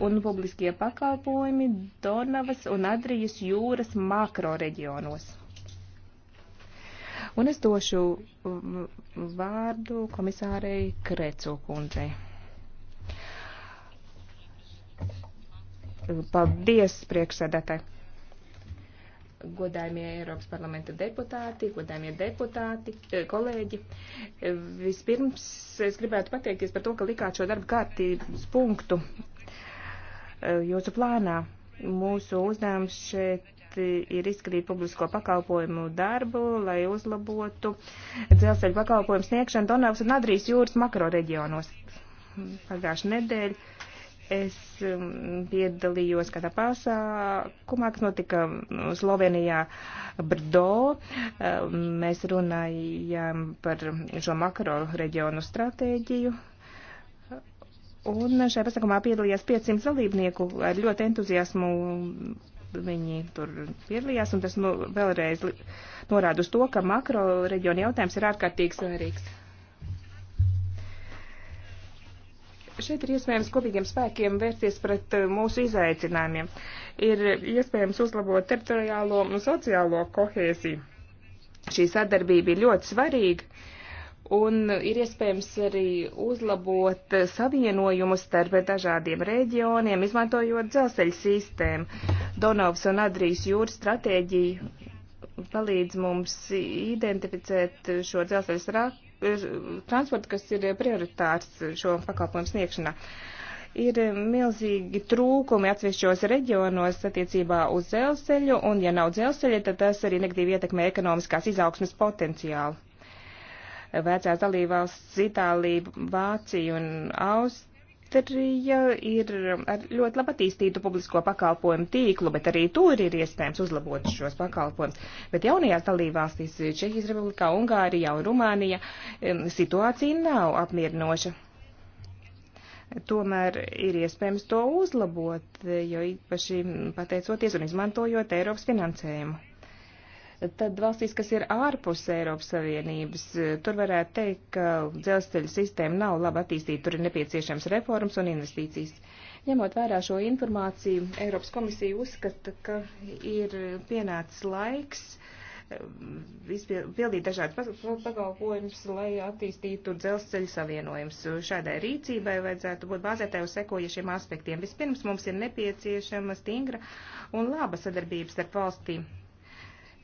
un publiskie pakalpojumi Donavas un Adrijas jūras makroreģionos. Un es došu um, vārdu komisārei Krecu kundzei. Paldies, priekšsēdētāji! godājumie Eiropas parlamenta deputāti, godājumie deputāti, eh, kolēģi. Vispirms es gribētu pateikties par to, ka likāt šo darbu kārtības punktu jūsu plānā. Mūsu uzdevums šeit ir izskatīt publisko pakalpojumu darbu, lai uzlabotu dzelzceļa pakalpojumu sniegšanu Donavas un Adrijas jūras makro reģionos. Pagājušajā nedēļā es um, piedalījos kādā pasākumā, kas notika Slovenijā Brdo. Um, mēs runājām par šo makro reģionu stratēģiju. Un šajā pasākumā piedalījās 500 dalībnieku ar ļoti entuziasmu. Viņi tur piedalījās, un tas nu, vēlreiz norāda uz to, ka makro reģiona jautājums ir ārkārtīgi svarīgs. Šeit ir iespējams kopīgiem spēkiem vērsties pret eh, mūsu izaicinājumiem. Ir iespējams uzlabot teritoriālo un sociālo kohēziju. Šī sadarbība ir ļoti svarīga un ir iespējams arī uzlabot savienojumus starp dažādiem reģioniem, izmantojot dzelzceļa sistēmu. Donavs un Adrijas jūras stratēģija palīdz mums identificēt šo dzelzceļa transportu, kas ir prioritārs šo pakalpojumu sniegšanā. Ir milzīgi trūkumi atsevišķos reģionos attiecībā uz dzelzceļu, un ja nav dzelzceļa, tad tas arī negatīvi ietekmē ekonomiskās izaugsmas potenciālu vecās dalībvalsts Itālija, Vācija un Austrija. Austrija ir ar ļoti labi attīstītu publisko pakalpojumu tīklu, bet arī tur ir iespējams uzlabot šos pakalpojumus. Bet jaunajās dalībvalstīs, Čehijas Republikā, Ungārijā un Rumānijā, situācija nav apmierinoša. Tomēr ir iespējams to uzlabot, jo īpaši pateicoties un izmantojot Eiropas finansējumu. Tad valstīs, kas ir ārpus Eiropas Savienības, eh, tur varētu teikt, ka dzelzceļa sistēma nav labi attīstīta, tur ir nepieciešams reformas un investīcijas. Ņemot vērā šo informāciju, Eiropas komisija uzskata, ka ir pienācis laiks eh, pildīt dažādas pakalpojumus, lai attīstītu dzelzceļa savienojumus. Šādai rīcībai vajadzētu būt bāzētai uz sekojušiem aspektiem. Vispirms mums ir nepieciešama stingra un laba sadarbības starp valstīm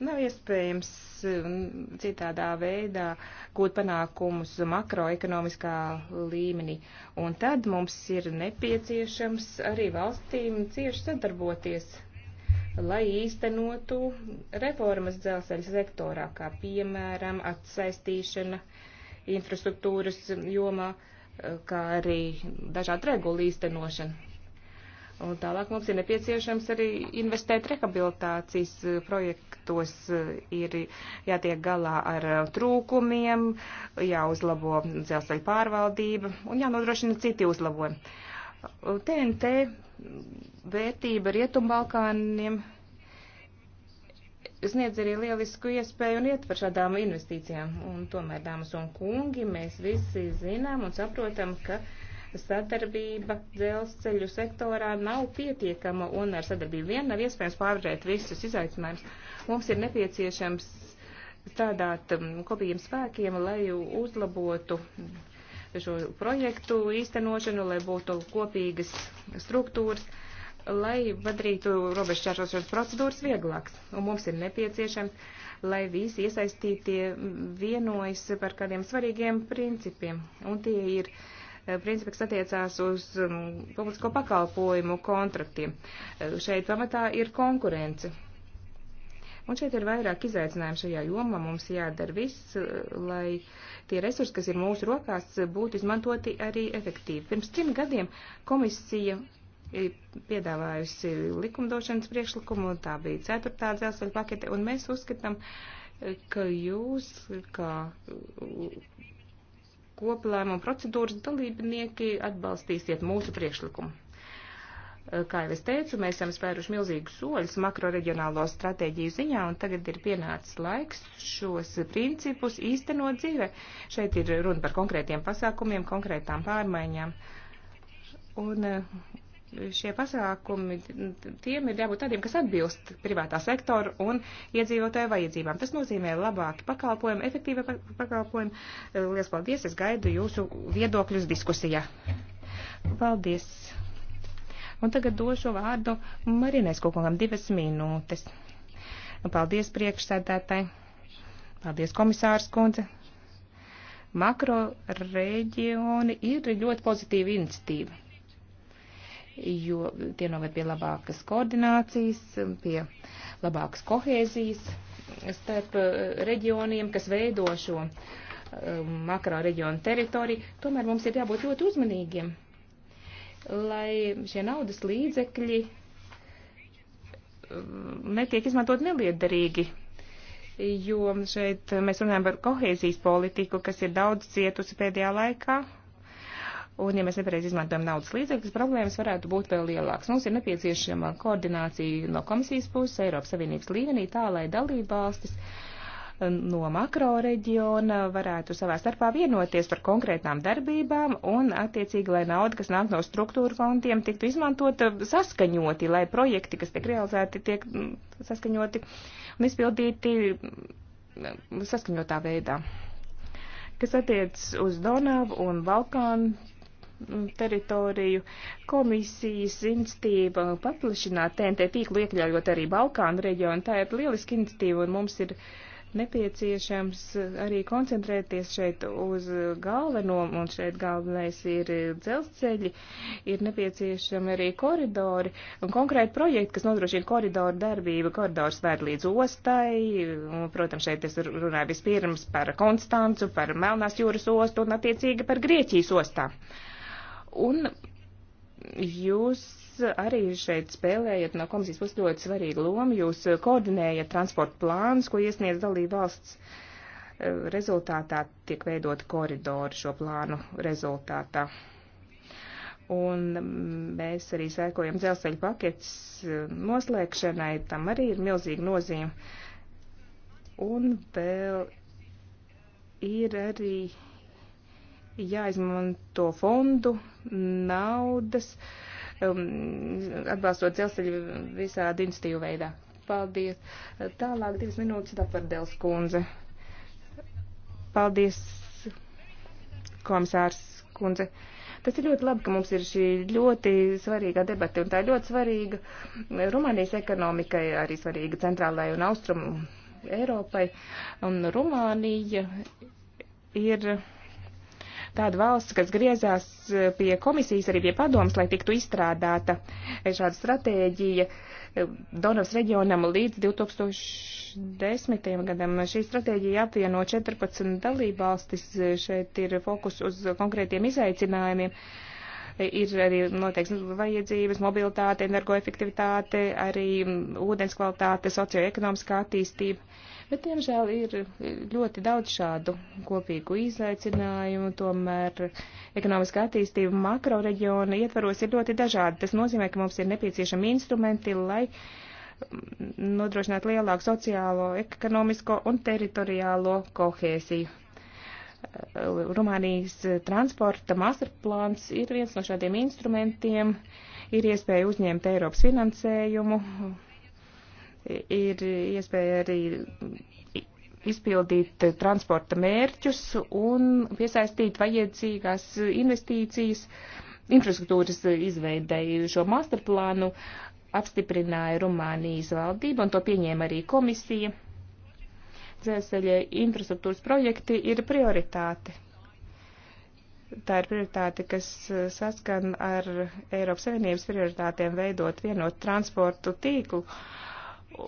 Nav iespējams um, citādā veidā gūt panākumus makroekonomiskā līmenī. Un tad mums ir nepieciešams arī valstīm cieši sadarboties, lai īstenotu reformas dzelzceļa sektorā, kā piemēram atsaistīšana infrastruktūras jomā, kā arī dažādu regulu īstenošana Un tālāk mums ir nepieciešams arī investēt rehabilitācijas eh, projektos, eh, ir jātiek galā ar eh, trūkumiem, jāuzlabo dzelzceļa pārvaldība un jānodrošina citi uzlabojumi. TNT vērtība Rietumbalkāniem sniedz arī lielisku iespēju un ietver šādām investīcijām. Un tomēr, dāmas un kungi, mēs visi zinām un saprotam, ka. Uh, sadarbība dzelzceļu sektorā nav pietiekama un ar sadarbību vien nav iespējams pārvarēt visus izaicinājumus. Mums ir nepieciešams strādāt um, kopīgiem spēkiem, lai uzlabotu šo projektu īstenošanu, lai būtu kopīgas struktūras lai padarītu robežu čēršošanas procedūras vieglāks. Un mums ir nepieciešams, lai visi iesaistītie vienojas par kādiem svarīgiem principiem. Un tie ir uh, Eh, principi, kas attiecās uz mm, publisko pakalpojumu kontraktiem. Eh, šeit pamatā ir konkurence. Un šeit ir vairāk izaicinājumu šajā jomā. Mums jādara viss, eh, lai tie resursi, kas ir mūsu rokās, būtu izmantoti arī efektīvi. Pirms trim gadiem komisija piedāvājusi likumdošanas priekšlikumu, tā bija ceturtā dzelzceļa pakete, un mēs uzskatām, ka jūs, kā koplēmumu procedūras dalībnieki atbalstīsiet mūsu priekšlikumu. Kā jau es teicu, mēs esam spēruši milzīgus soļus makroreģionālo stratēģiju ziņā, un tagad ir pienācis laiks šos principus īstenot dzīve. Šeit ir runa par konkrētiem pasākumiem, konkrētām pārmaiņām. Un šie pasākumi, tiem ir jābūt tādiem, kas atbilst privātā sektora un iedzīvotāju vajadzībām. Tas nozīmē labāki pakalpojumi, efektīvi pakalpojumi. Lielas paldies, es gaidu jūsu viedokļus diskusijā. Paldies. Un tagad došu vārdu Marinais Kukungam divas minūtes. Paldies priekšsēdētāji. Paldies komisārs kundze. Makro reģioni ir ļoti pozitīva iniciatīva jo tie noved pie labākas koordinācijas, pie labākas kohēzijas starp eh, reģioniem, kas veido šo eh, makro reģionu teritoriju. Tomēr mums ir jābūt ļoti uzmanīgiem, lai šie naudas līdzekļi eh, netiek izmantot neliederīgi, jo šeit mēs runājam par kohēzijas politiku, kas ir daudz cietusi pēdējā laikā, Un, ja mēs nepareiz izmantojam naudas līdzekļus, problēmas varētu būt vēl lielākas. Mums ir nepieciešama koordinācija no komisijas puses Eiropas Savienības līmenī tā, lai dalība valstis um, no makro reģiona varētu savā starpā vienoties par konkrētām darbībām un, attiecīgi, lai nauda, kas nāk no struktūra fondiem, tiktu izmantota saskaņoti, lai projekti, kas tiek realizēti, tiek mm, saskaņoti un izpildīti mm, saskaņotā veidā kas attiecas uz Donavu un Balkānu Mm, teritoriju. Komisijas institīva paplašināt TNT tīklu, iekļaujot arī Balkānu reģionu, tā ir lieliska institīva un mums ir nepieciešams arī koncentrēties šeit uz galveno, un šeit galvenais ir dzelzceļi, ir nepieciešami arī koridori, un konkrēti projekti, kas nodrošina koridoru darbību, koridors vēd līdz ostai, un, protams, šeit es runāju vispirms par Konstancu, par Melnās jūras ostu un attiecīgi par Grieķijas ostām. Un jūs arī šeit spēlējat no komisijas puses ļoti svarīgu lomu. Jūs eh, koordinējat transporta plānus, ko iesniedz dalība valsts. Eh, rezultātā tiek veidot koridori šo plānu rezultātā. Un mm, mēs arī sēkojam dzelzceļa paketes eh, noslēgšanai, tam arī ir milzīga nozīme. Un vēl ir arī jāizmanto fondu naudas, um, atbalstot dzelzceļu visādi instīvu veidā. Paldies. Tālāk divas minūtes Dafardēls kundze. Paldies, komisārs kundze. Tas ir ļoti labi, ka mums ir šī ļoti svarīgā debata, un tā ir ļoti svarīga Rumānijas ekonomikai, arī svarīga centrālajai un austrumu Eiropai. Un Rumānija ir tāda valsts, kas griezās eh, pie komisijas, arī pie padomas, lai tiktu izstrādāta šāda stratēģija eh, Donavas reģionam līdz 2010. gadam. Šī stratēģija apvieno 14 dalībvalstis, šeit ir fokus uz konkrētiem izaicinājumiem ir arī noteikts vajadzības, mobilitāte, energoefektivitāte, arī mm, ūdens kvalitāte, socioekonomiskā attīstība. Bet, diemžēl, ir ļoti daudz šādu kopīgu izaicinājumu, tomēr ekonomiskā attīstība makro reģiona ietvaros ir ļoti dažāda. Tas nozīmē, ka mums ir nepieciešami instrumenti, lai mm, nodrošinātu lielāku sociālo, ekonomisko un teritoriālo kohēsiju. Rumānijas transporta masterplāns ir viens no šādiem instrumentiem, ir iespēja uzņemt Eiropas finansējumu, ir iespēja arī izpildīt transporta mērķus un piesaistīt vajadzīgās investīcijas infrastruktūras izveidēju šo masterplānu apstiprināja Rumānijas valdība un to pieņēma arī komisija dzelzceļa infrastruktūras projekti ir prioritāte. Tā ir prioritāte, kas uh, saskan ar Eiropas Savienības prioritātiem veidot vienotu transportu tīklu.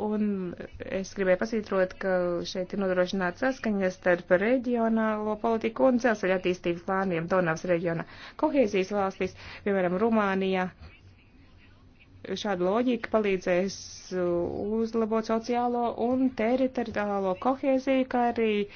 Un es gribēju pasītrot, ka šeit ir nodrošināta saskaņa starp reģionālo politiku un dzelzceļa attīstības plāniem Donavas reģionā. Kohēzijas valstīs, piemēram, Rumānijā, šāda loģika palīdzēs uzlabot sociālo un teritoriālo kohēziju, kā arī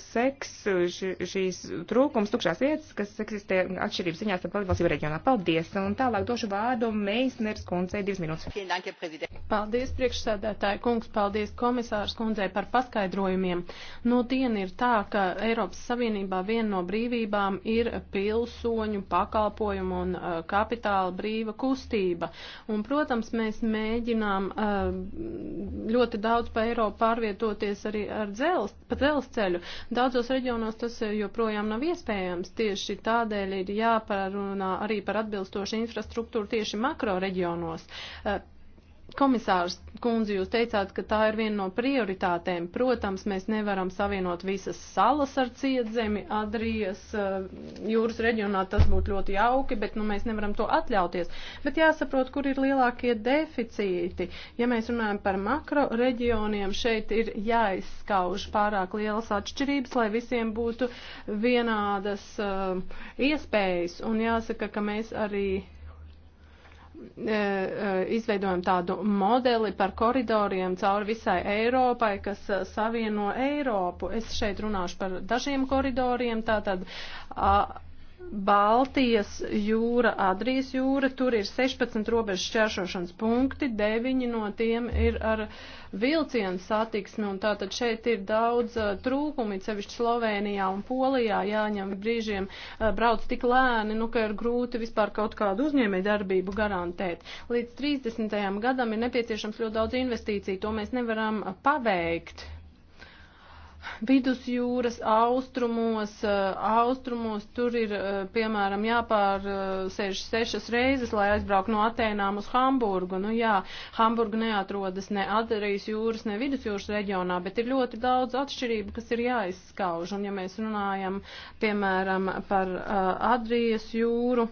seks, šīs trūkums, tukšās vietas, kas eksistē atšķirības ziņā starp valstīm reģionā. Paldies! Un tālāk došu vārdu Meisners kundzei divas minūtes. Paldies, priekšsēdētāji kungs, paldies komisārs kundzei par paskaidrojumiem. No nu, diena ir tā, ka Eiropas Savienībā viena no brīvībām ir pilsoņu pakalpojumu un uh, kapitāla brīva kustība. Un Un, protams, mēs mēģinām ļoti daudz pa Eiropu pārvietoties arī ar dzels, pa dzelzceļu. Daudzos reģionos tas joprojām nav iespējams. Tieši tādēļ ir jāparunā arī par atbilstošu infrastruktūru tieši makro reģionos. Komisārs kundze, jūs teicāt, ka tā ir viena no prioritātēm. Protams, mēs nevaram savienot visas salas ar cietzemi, Adrijas eh, jūras reģionā tas būtu ļoti jauki, bet nu, mēs nevaram to atļauties. Bet jāsaprot, kur ir lielākie deficīti. Ja mēs runājam par makro reģioniem, šeit ir jāizskauž pārāk lielas atšķirības, lai visiem būtu vienādas uh, iespējas. Un jāsaka, ka mēs arī E, e, izveidojam tādu modeli par koridoriem cauri visai Eiropai, kas e, savieno Eiropu. Es šeit runāšu par dažiem koridoriem, tātad a, Baltijas jūra, Adrijas jūra, tur ir 16 robežu šķēršošanas punkti, 9 no tiem ir ar vilcienu satiksmi, un tātad šeit ir daudz uh, trūkumi, sevišķi Slovenijā un Polijā jāņem brīžiem uh, brauc tik lēni, nu, ka ir grūti vispār kaut kādu uzņēmēju darbību garantēt. Līdz 30. gadam ir nepieciešams ļoti daudz investīciju, to mēs nevaram paveikt vidusjūras austrumos, eh, austrumos tur ir, eh, piemēram, jāpārsēž eh, sešas reizes, lai aizbraukt no Atēnām uz Hamburgu. Nu jā, Hamburga neatrodas ne Adarijas jūras, ne vidusjūras reģionā, bet ir ļoti daudz atšķirību, kas ir jāizskauž. Un ja mēs runājam, piemēram, par Adrijas jūru,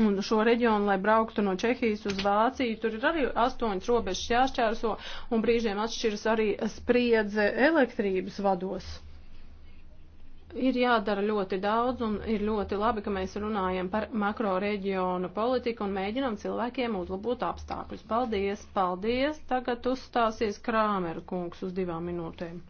Un šo reģionu, lai brauktu no Čehijas uz Vāciju, tur ir arī astoņas robežas jāšķērso, un brīžiem atšķiras arī spriedze elektrības vados. Ir jādara ļoti daudz, un ir ļoti labi, ka mēs runājam par makro reģionu politiku un mēģinam cilvēkiem uzlabot apstākļus. Paldies, paldies! Tagad uzstāsies Krāmeru kungs uz divām minūtēm.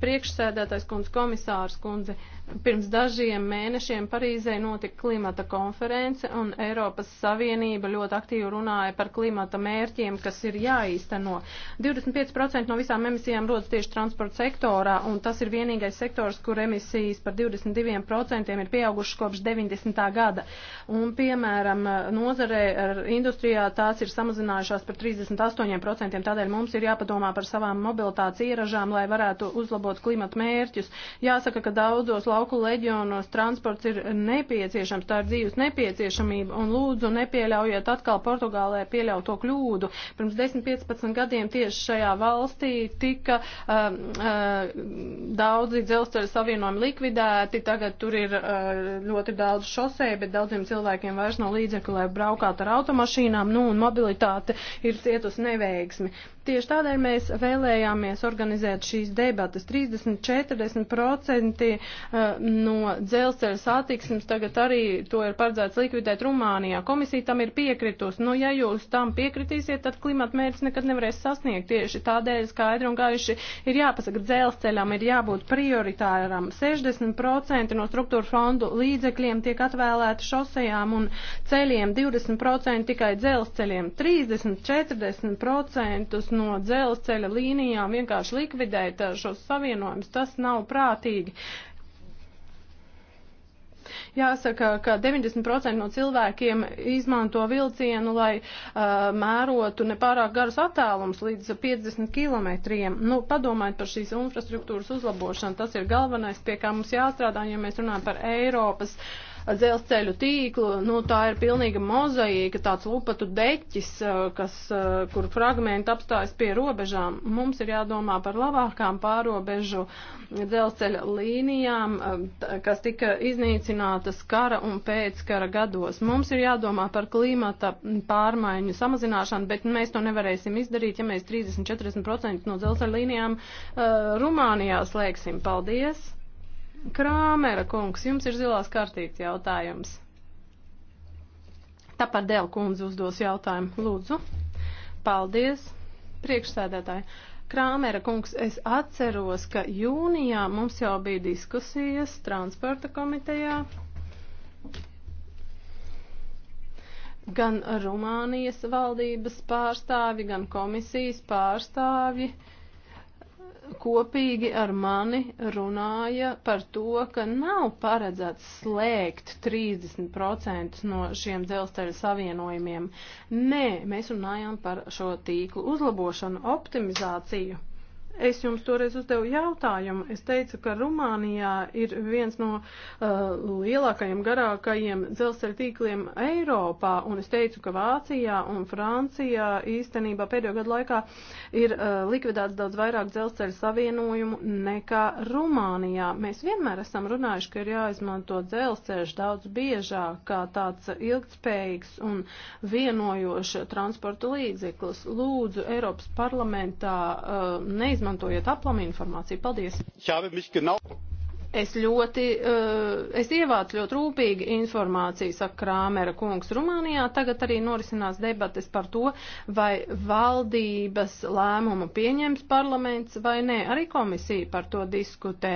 Priekšsēdētais kundze, komisārs kundze, pirms dažiem mēnešiem Parīzē notika klimata konference un Eiropas Savienība ļoti aktīvi runāja par klimata mērķiem, kas ir jāīsteno. 25% no visām emisijām rodas tieši transporta sektorā un tas ir vienīgais sektors, kur emisijas par 22% ir pieaugušas kopš 90. gada. Un, piemēram, nozarē, industrijā tās ir samazinājušās par 38%, tādēļ mums ir jāpadomā par savām mobilitātes ieražām, lai varētu uzlabot uzlabot klimata mērķus. Jāsaka, ka daudzos lauku leģionos transports ir nepieciešams, tā ir dzīves nepieciešamība, un lūdzu nepieļaujiet atkal Portugālē pieļauto kļūdu. Pirms 10-15 gadiem tieši šajā valstī tika uh, uh, daudzi dzelzceļa savienojumi likvidēti, tagad tur ir uh, ļoti daudz šosei, bet daudziem cilvēkiem vairs nav līdzekļu, lai braukātu ar automašīnām, nu un mobilitāte ir cietusi neveiksmi. Tieši tādēļ mēs vēlējāmies organizēt šīs debatas. 30-40% eh, no dzelzceļa satiksmes tagad arī to ir paredzēts likvidēt Rumānijā. Komisija tam ir piekritus. Nu, ja jūs tam piekritīsiet, tad klimata mērķis nekad nevarēs sasniegt. Tieši tādēļ skaidri un gaiši ir jāpasaka, dzelzceļam ir jābūt prioritāram. 60% no struktūra fondu līdzekļiem tiek atvēlēti šosejām un ceļiem, 20% tikai dzelzceļiem, 30-40% no dzelzceļa līnijām vienkārši likvidēt eh, šos savienojumus, tas nav prātīgi. Jāsaka, ka 90% no cilvēkiem izmanto vilcienu, lai uh, mērotu nepārāk garus attālums līdz 50 kilometriem. Nu, padomājiet par šīs infrastruktūras uzlabošanu. Tas ir galvenais, pie kā mums jāstrādā, ja mēs runājam par Eiropas uh, dzelzceļu tīklu, nu tā ir pilnīga mozaīka, tāds lupatu deķis, kas, kur fragmenti apstājas pie robežām. Mums ir jādomā par labākām pārobežu dzelzceļa līnijām, kas tika iznīcinātas kara un pēckara gados. Mums ir jādomā par klimata pārmaiņu samazināšanu, bet mēs to nevarēsim izdarīt, ja mēs 30-40% no dzelzceļa līnijām uh, Rumānijā slēgsim. Paldies! Krāmera kungs, jums ir zilās kartītes jautājums. Tāpēc Dēla kundze uzdos jautājumu. Lūdzu. Paldies, priekšsēdētāji. Krāmera kungs, es atceros, ka jūnijā mums jau bija diskusijas transporta komitejā. Gan Rumānijas valdības pārstāvi, gan komisijas pārstāvi. Uh, kopīgi ar mani runāja par to, ka nav paredzēts slēgt 30% no šiem dzelzceļa savienojumiem. Nē, mēs runājām par šo tīklu uzlabošanu, optimizāciju. Es jums toreiz uzdevu jautājumu. Es teicu, ka Rumānijā ir viens no uh, lielākajiem, garākajiem dzelzceļa tīkliem Eiropā, un es teicu, ka Vācijā un Francijā īstenībā pēdējo gadu laikā ir uh, likvidēts daudz vairāk dzelzceļa savienojumu nekā Rumānijā. Mēs vienmēr esam runājuši, ka ir jāizmanto dzelzceļš daudz biežāk kā tāds ilgtspējīgs un vienojošs transporta līdzeklis. Lūdzu, Eiropas parlamentā uh, neizmantojot izmantojiet aplamu informāciju. Paldies! Es ļoti, uh, es ievācu ļoti rūpīgi informāciju, saka Krāmera kungs Rumānijā. Tagad arī norisinās debates par to, vai valdības lēmumu pieņems parlaments vai nē. Arī komisija par to diskutē.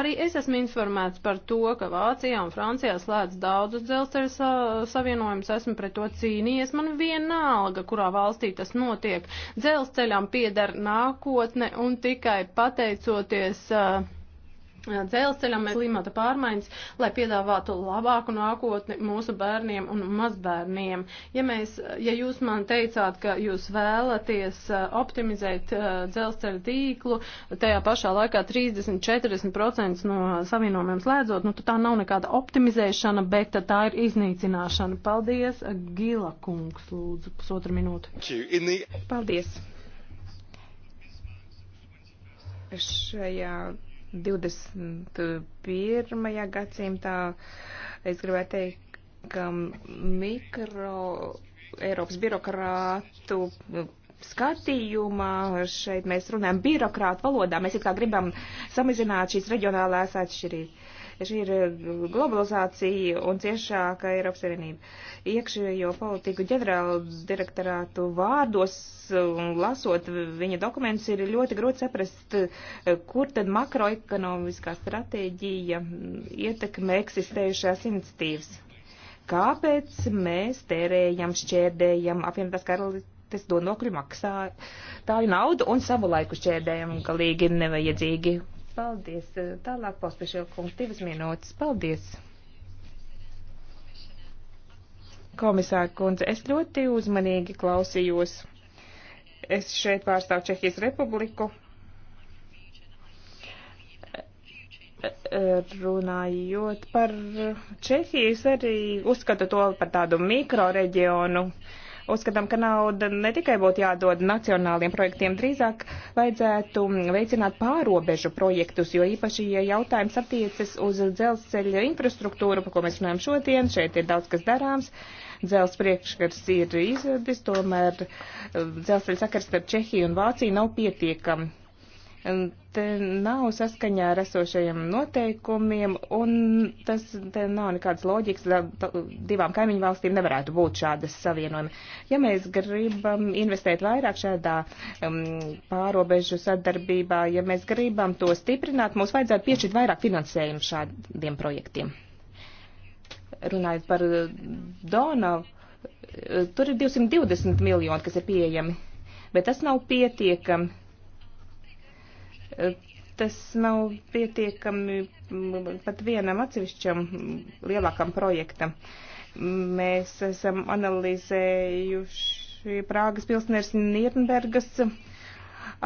Arī es esmu informēts par to, ka Vācijā un Francijā slēdz daudzus dzelzceļa sa savienojumus. Esmu pret to cīnījies. Man vienalga, kurā valstī tas notiek. Dzelzceļam pieder nākotne un tikai pateicoties. Uh, dzelzceļam, bet klimata pārmaiņas, lai piedāvātu labāku nākotni mūsu bērniem un mazbērniem. Ja, mēs, ja jūs man teicāt, ka jūs vēlaties eh, optimizēt eh, dzelzceļa tīklu, tajā pašā laikā 30-40% no savienojumiem slēdzot, nu tā nav nekāda optimizēšana, bet tā ir iznīcināšana. Paldies, Gila kungs, lūdzu, pusotra minūte. Paldies. Šajā 21. gadsimtā es gribētu teikt, ka mikro Eiropas birokrātu skatījumā šeit mēs runājam birokrātu valodā. Mēs it kā gribam samazināt šīs reģionālās atšķirības. Šī ir eh, globalizācija un ciešāka Eiropas Savienība. Iekšējo politiku ģenerālu direktorātu vārdos eh, un lasot viņa dokumentus ir ļoti grūti saprast, eh, kur tad makroekonomiskā stratēģija mm, ietekmē eksistējušās iniciatīvas. Kāpēc mēs tērējam, šķērdējam apvienotās karalistes? tas donokļu maksā tāju naudu un savu laiku šķērdējam galīgi nevajadzīgi. Paldies. Tālāk pospiešu kungs divas minūtes. Paldies. Komisāra kundze, es ļoti uzmanīgi klausījos. Es šeit pārstāvu Čehijas republiku. Runājot par Čehijas, arī uzskata to par tādu mikroreģionu. Uh, Uzskatām, ka nauda ne tikai būtu jādod nacionāliem projektiem, drīzāk vajadzētu veicināt pārobežu projektus, jo īpaši, ja jautājums attiecas uz dzelzceļa infrastruktūru, par ko mēs runājam šodien, šeit ir daudz kas darāms dzels priekškars ir izradis, tomēr eh, dzelzceļa sakars starp Čehiju un Vāciju nav pietiekami Te nav saskaņā ar esošajiem noteikumiem, un tas te nav nekādas loģikas, divām kaimiņu valstīm nevarētu būt šādas savienojumi. Ja mēs gribam investēt vairāk šādā um, pārobežu sadarbībā, ja mēs gribam to stiprināt, mums vajadzētu piešķirt vairāk finansējumu šādiem projektiem. Runājot par eh, Donavu eh, tur ir 220 miljoni, kas ir pieejami, bet tas nav pietiekami tas nav pietiekami pat vienam atsevišķam lielākam projektam. Mēs esam analizējuši Prāgas pilsnērs Nirnbergas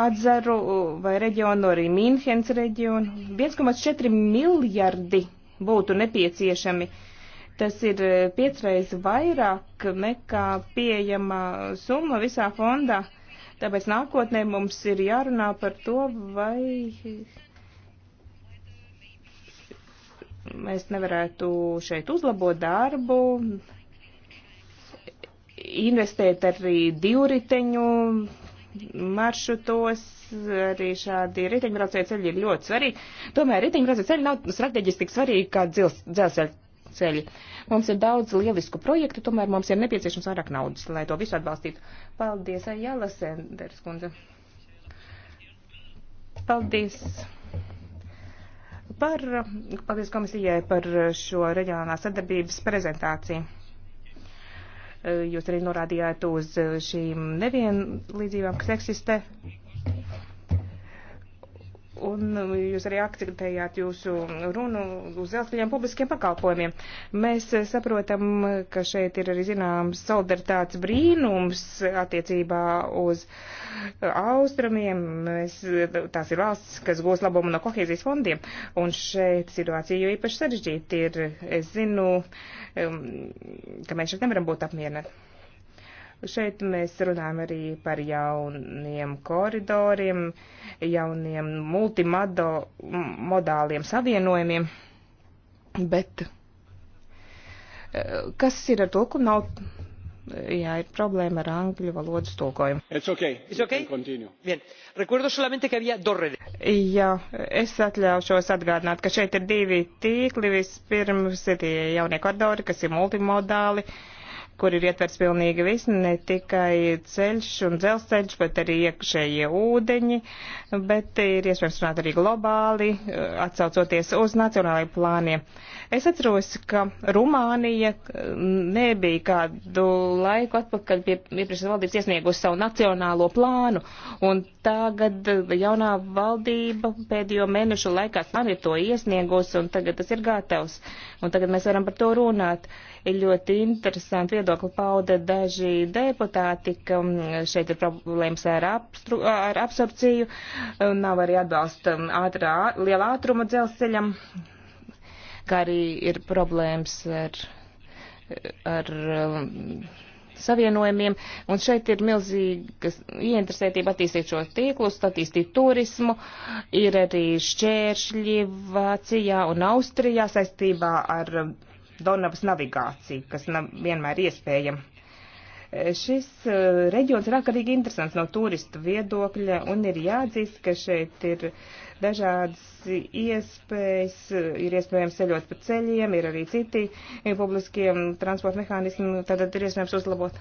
atzaru vai reģionu, arī Mīnhens reģionu. 1,4 miljardi būtu nepieciešami. Tas ir piecreiz vairāk nekā pieejama summa visā fondā. Uh, Tāpēc nākotnē mums ir jārunā par to, vai mēs nevarētu šeit uzlabot darbu, investēt arī divriteņu maršrutos, arī šādi riteņbraucēju ceļi ir ļoti svarīgi. Tomēr riteņbraucēju ceļi nav strateģiski tik svarīgi kā dzels, dzelzceļa ceļi. Mums ir daudz lielisku projektu, tomēr mums ir nepieciešams vairāk naudas, lai to visu atbalstītu. Paldies, Jāla Senders kundze. Paldies. Par, paldies komisijai par šo reģionālās sadarbības prezentāciju. Jūs arī norādījāt uz šīm nevienlīdzībām, kas eksistē un jūs arī akcentējāt jūsu runu uz dzelzceļiem publiskiem pakalpojumiem. Mēs saprotam, ka šeit ir arī zināms solidaritātes brīnums attiecībā uz austrumiem. Mēs, tās ir valsts, kas gūs labumu no kohēzijas fondiem, un šeit situācija jo īpaši sarežģīta ir. Es zinu, um, ka mēs šeit nevaram būt apmierināti. Šeit mēs runājam arī par jauniem koridoriem, jauniem multimodāliem savienojumiem, bet eh, kas ir ar tulku? Nav, eh, jā, ir problēma ar angļu valodas tulkojumu. It's okay. It's okay. Bien. Recuerdo solamente que había dos redes. Jā, es atļaušos atgādināt, ka šeit ir divi tīkli. Vispirms ir tie jaunie koridori, kas ir multimodāli. Uh, kur ir ietvers pilnīgi viss, ne tikai ceļš un dzelzceļš, bet arī iekšējie ūdeņi, bet ir iespējams runāt arī globāli, eh, atsaucoties uz nacionālajiem plāniem. Es atceros, ka Rumānija mm, nebija kādu laiku atpakaļ pie iepriekšējās valdības iesniegusi savu nacionālo plānu, un tagad jaunā valdība pēdējo mēnešu laikā plānu ir to iesniegusi, un tagad tas ir gatavs, un tagad mēs varam par to runāt. Uh, ļoti interesanti viedokli pauda daži deputāti, ka mm, šeit ir problēmas ar, apstru, ar absorpciju, nav arī atbalsta ātrā, liela ātruma dzelzceļam, kā arī ir problēmas ar. ar mm, savienojumiem, un šeit ir milzīga ieinteresētība attīstīt šo tīklus, attīstīt turismu, ir arī šķēršļi Vācijā un Austrijā saistībā ar Donavas navigāciju, kas nav vienmēr iespējama. Šis uh, reģions ir ārkārtīgi interesants no turistu viedokļa un ir jāatzīst, ka šeit ir dažādas iespējas, ir iespējams ceļot pa ceļiem, ir arī citi publiskie transporta mehānismi, tad ir iespējams uzlabot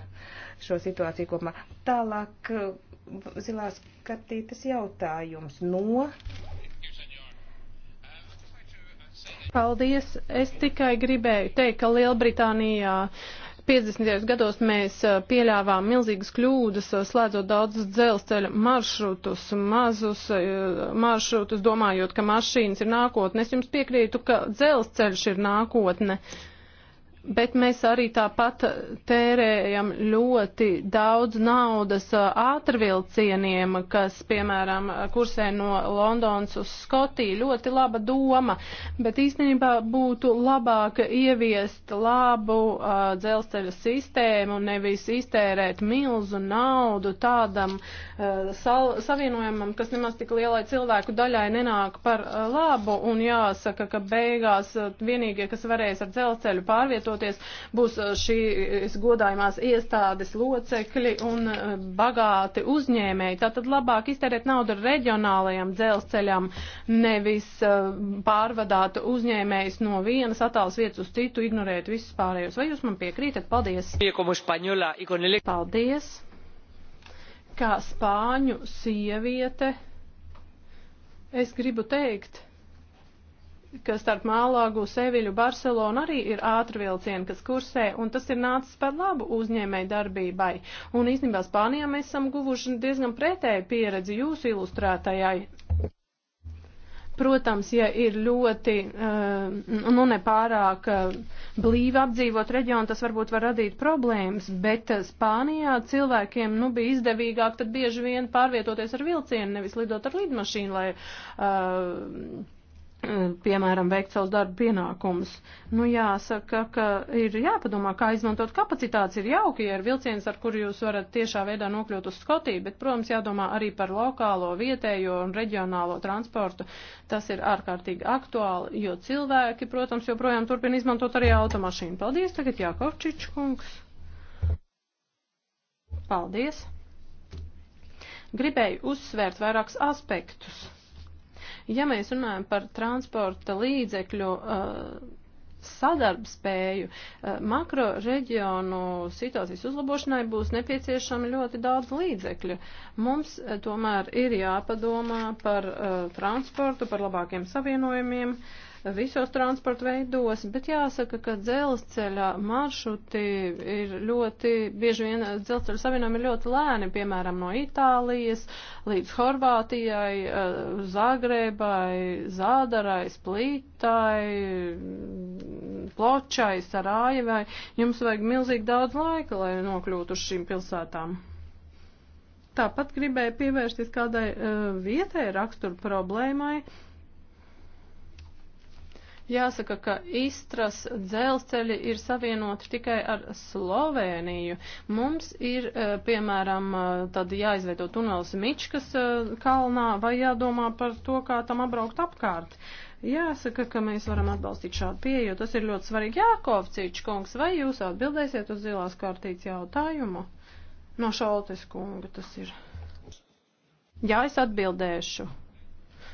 šo situāciju kopumā. Tālāk uh, zilās kartītes jautājums no Paldies! Es tikai gribēju teikt, ka Lielbritānijā 50. gados mēs eh, pieļāvām milzīgas kļūdas, eh, slēdzot daudzus dzelzceļa maršrutus, mazus eh, maršrutus, domājot, ka mašīnas ir nākotne. Es jums piekrītu, ka dzelzceļš ir nākotne, Bet mēs arī tāpat tērējam ļoti daudz naudas uh, ātrvilcieniem, kas, piemēram, kursē no Londonas uz Skotiju. Ļoti laba doma, bet īstenībā būtu labāk ieviest labu uh, dzelzceļa sistēmu, nevis iztērēt milzu naudu tādam uh, sal, savienojumam, kas nemaz tik lielai cilvēku daļai nenāk par uh, labu. Un jāsaka, ka beigās uh, vienīgie, kas varēs ar dzelzceļu pārvietot, pateicoties, būs eh, šīs godājumās iestādes locekļi un eh, bagāti uzņēmēji. Tātad labāk iztērēt naudu reģionālajam dzelzceļam, nevis eh, pārvadāt uzņēmējs no vienas attāls vietas uz citu, ignorēt visus pārējos. Vai jūs man piekrītat? Paldies! Paldies! Kā spāņu sieviete, es gribu teikt, ka starp Mālāgu, Seviļu, Barcelonu arī ir ātri vilcieni, kas kursē, un tas ir nācis par labu uzņēmēju darbībai. Un īstenībā Spānijā mēs esam guvuši diezgan pretēju pieredzi jūsu ilustrētajai. Protams, ja ir ļoti, eh, nu nepārāk eh, blīvi apdzīvot reģionu, tas varbūt var radīt problēmas, bet Spānijā cilvēkiem, nu, bija izdevīgāk tad bieži vien pārvietoties ar vilcienu, nevis lidot ar lidmašīnu, lai. Uh, Eh, piemēram, veikt savus darba pienākumus. Nu, jāsaka, ka ir jāpadomā, kā izmantot kapacitātes. Ir jauki, ja ir vilciens, ar kuru jūs varat tiešā veidā nokļūt uz Skotiju, bet, protams, jādomā arī par lokālo, vietējo un reģionālo transportu. Tas ir ārkārtīgi aktuāli, jo cilvēki, protams, joprojām turpina izmantot arī automašīnu. Paldies, tagad Jākovčič kungs. Paldies. Gribēju uzsvērt vairākus aspektus Ja mēs runājam par transporta līdzekļu uh, sadarbspēju, uh, makro reģionu situācijas uzlabošanai būs nepieciešami ļoti daudz līdzekļu. Mums uh, tomēr ir jāpadomā par transportu, par labākiem savienojumiem. Uh, visos transporta veidos, bet jāsaka, ka dzelzceļa maršruti ir ļoti, bieži vien dzelzceļa savienojumi ir ļoti lēni, piemēram, no Itālijas līdz Horvātijai, eh, Zagrebai, Zādarai, Splītai, Pločai, Sarājevai. Jums vajag milzīgi daudz laika, lai nokļūtu uz šīm pilsētām. Tāpat gribēju pievērsties kādai uh, eh, vietai rakstura problēmai. Uh, Jāsaka, ka Istras dzelzceļi ir savienoti tikai ar Slovēniju. Mums ir, eh, piemēram, eh, tad jāizveido tunelis Mičkas eh, kalnā vai jādomā par to, kā tam apbraukt apkārt. Jāsaka, ka mēs varam atbalstīt šādu pieeju, jo tas ir ļoti svarīgi. Jākovcīčs kungs, vai jūs atbildēsiet uz zilās kārtīts jautājumu? No Šaltes kunga tas ir. Jā, es atbildēšu.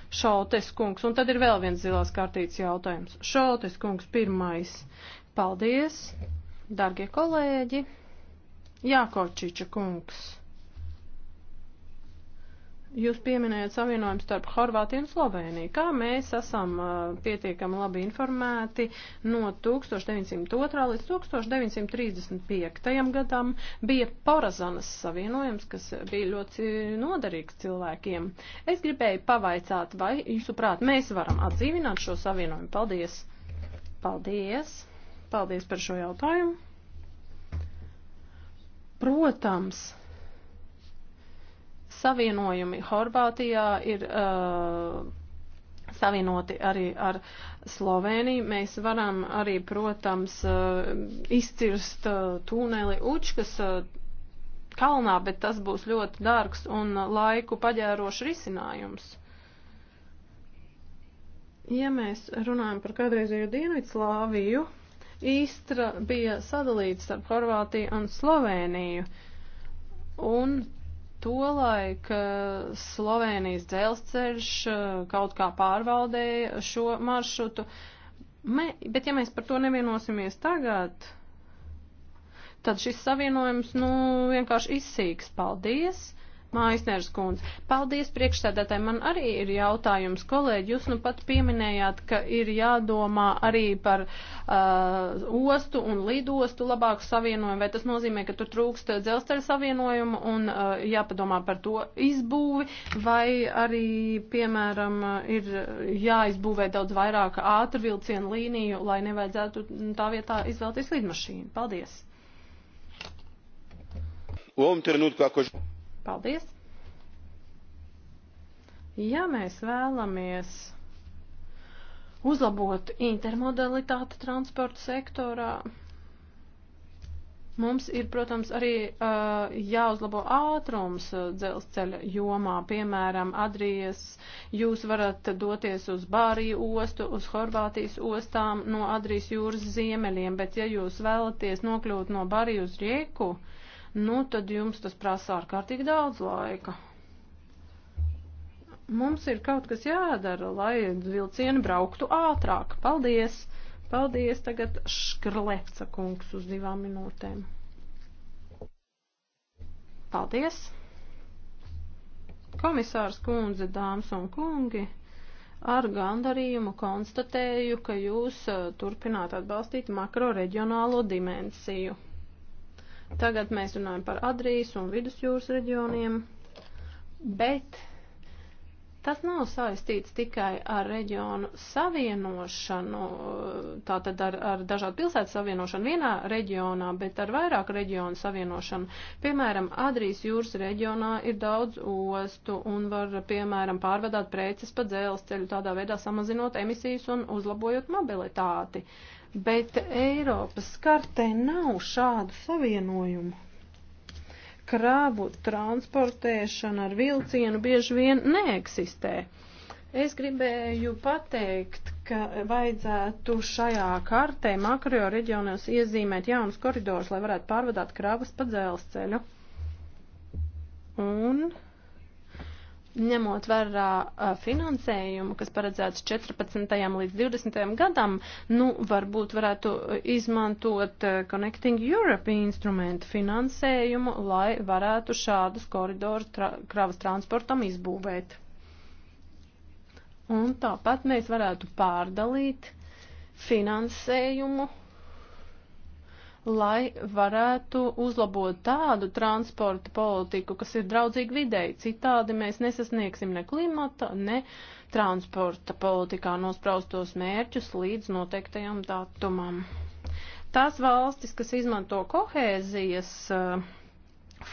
Šoltes kungs. Un tad ir vēl viens zilās kārtīts jautājums. Šoltes kungs pirmais. Paldies, dargie kolēģi. Jākovčiča kungs. Jūs pieminējat savienojumu starp Horvātiju un Sloveniju. Kā mēs esam uh, pietiekami labi informēti, no 1902. līdz 1935. gadam bija Porazanas savienojums, kas bija ļoti noderīgs cilvēkiem. Es gribēju pavaicāt, vai, jūsuprāt, mēs varam atdzīvināt šo savienojumu. Paldies! Paldies! Paldies par šo jautājumu! Protams! savienojumi Horvātijā ir uh, savienoti arī ar Sloveniju. Mēs varam arī, protams, uh, izcirst uh, tuneli Učkas uh, kalnā, bet tas būs ļoti dārgs un laiku paģērošs risinājums. Ja mēs runājam par kādreizējo Dienvidslāviju, Īstra bija sadalīta starp Horvātiju un Sloveniju. Un Tolaik eh, Slovenijas dzelzceļš eh, kaut kā pārvaldēja šo maršrutu, Me, bet ja mēs par to nevienosimies tagad, tad šis savienojums nu, vienkārši izsīks. Paldies! Maisners kundze. Paldies priekšsēdētāji. Man arī ir jautājums, kolēģi. Jūs nu pat pieminējāt, ka ir jādomā arī par uh, ostu un lidostu labāku savienojumu. Vai tas nozīmē, ka tur trūkst dzelzceļa savienojumu un uh, jāpadomā par to izbūvi? Vai arī, piemēram, ir jāizbūvē daudz vairāk ātrvilcienu līniju, lai nevajadzētu tā vietā izvēlēties lidmašīnu? Paldies! U ovom trenutku, ako Paldies! Ja mēs vēlamies uzlabot intermodalitāti transporta sektorā, Mums ir, protams, arī uh, jāuzlabo ātrums uh, dzelzceļa jomā. Piemēram, Adrijas jūs varat doties uz Bāriju ostu, uz Horvātijas ostām no Adrijas jūras ziemeļiem, bet ja jūs vēlaties nokļūt no Bāriju uz Rieku, uh, nu tad jums tas prasa ārkārtīgi daudz laika. Mums ir kaut kas jādara, lai vilcieni brauktu ātrāk. Paldies! Paldies tagad Škrleca kungs uz divām minūtēm. Paldies! Komisārs kundze, dāmas un kungi, ar gandarījumu konstatēju, ka jūs eh, turpināt atbalstīt makro reģionālo dimensiju. Tagad mēs runājam par Adrijas un Vidusjūras reģioniem, bet Tas nav saistīts tikai ar reģionu savienošanu, tātad ar, ar dažādu pilsētu savienošanu vienā reģionā, bet ar vairāku reģionu savienošanu. Piemēram, Adrijas jūras reģionā ir daudz ostu un var, piemēram, pārvadāt preces pa dzelzceļu, tādā veidā samazinot emisijas un uzlabojot mobilitāti. Bet Eiropas kartē nav šādu savienojumu kravu transportēšana ar vilcienu bieži vien neeksistē. Es gribēju pateikt, ka vajadzētu šajā kartē makro reģionos iezīmēt jaunus koridorus, lai varētu pārvadāt kravas pa dzelzceļu. Un ņemot vērā finansējumu, kas paredzēts 14. līdz 20. gadam, nu, varbūt varētu izmantot Connecting Europe instrumentu finansējumu, lai varētu šādus koridorus tra kravas transportam izbūvēt. Un tāpat mēs varētu pārdalīt finansējumu lai varētu uzlabot tādu transporta politiku, kas ir draudzīga videi. Citādi mēs nesasniegsim ne klimata, ne transporta politikā nospraustos mērķus līdz noteiktajam datumam. Tās valstis, kas izmanto kohēzijas eh,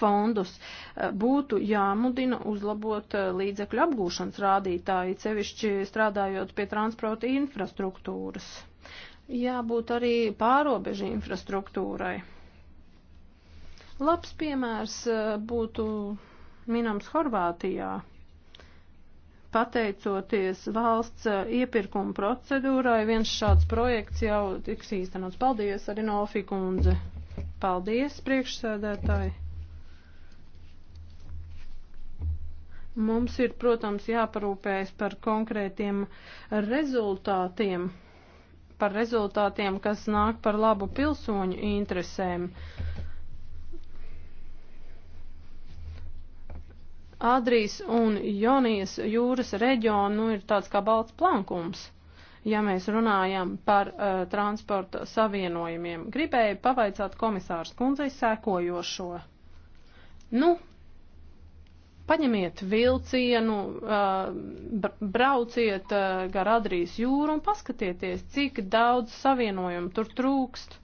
fondus, eh, būtu jāmudina uzlabot eh, līdzekļu apgūšanas rādītāji, cevišķi strādājot pie transporta infrastruktūras jābūt arī pārobežu infrastruktūrai. Labs piemērs eh, būtu minams Horvātijā. Pateicoties valsts eh, iepirkuma procedūrai, viens šāds projekts jau tiks īstenots. Paldies, arī Nolfī kundze. Paldies, priekšsēdētāji. Mums ir, protams, jāparūpējas par konkrētiem rezultātiem par rezultātiem, kas nāk par labu pilsoņu interesēm. Adrijas un Jonijas jūras reģionu nu, ir tāds kā balts plankums, ja mēs runājam par uh, transporta savienojumiem. Gribēju pavaicāt komisārs kundzei sēkojošo. Nu, Paņemiet vilcienu, brauciet gar Adrijas jūru un paskatieties, cik daudz savienojumu tur trūkst.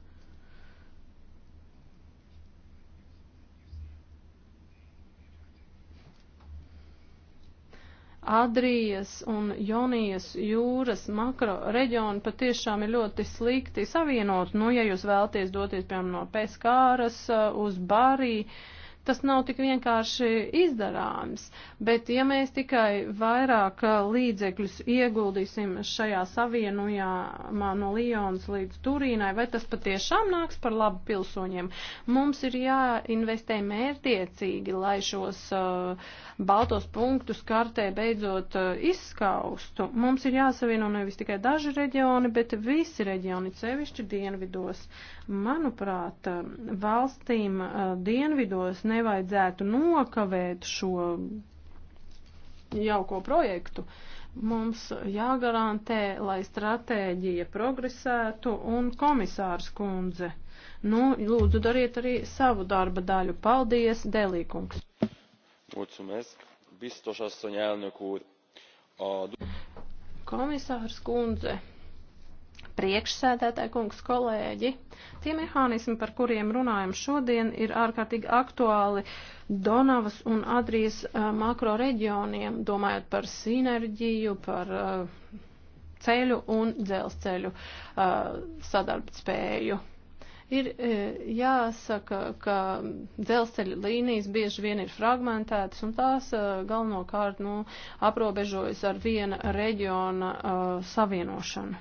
Adrijas un Jonijas jūras makro reģioni patiešām ir ļoti slikti savienot. Nu, ja jūs vēlties doties, piemēram, no Peskāras uz Bariju, tas nav tik vienkārši izdarāms, bet ja mēs tikai vairāk uh, līdzekļus ieguldīsim šajā savienojumā no Lions līdz Turīnai, vai tas patiešām nāks par labu pilsoņiem? Mums ir jāinvestē mērtiecīgi, lai šos uh, baltos punktus kartē beidzot uh, izskaustu. Mums ir jāsavieno nevis tikai daži reģioni, bet visi reģioni, sevišķi dienvidos. Manuprāt, um, valstīm uh, dienvidos nevajadzētu nokavēt šo jauko projektu. Mums jāgarantē, lai stratēģija progresētu un komisārs kundze. Nu, lūdzu, dariet arī savu darba daļu. Paldies, Delīkungs. Mulțumesc. Biztos asszony elnök úr. A... Komisārs kundze priekšsēdētāji kungs, kolēģi, tie mehānismi, par kuriem runājam šodien, ir ārkārtīgi aktuāli Donavas un Adrijas uh, makro reģioniem, domājot par sinerģiju, par uh, ceļu un dzelzceļu uh, sadarbspēju. Ir jāsaka, ka dzelzceļa līnijas bieži vien ir fragmentētas un tās galvenokārt nu, aprobežojas ar viena reģiona savienošanu.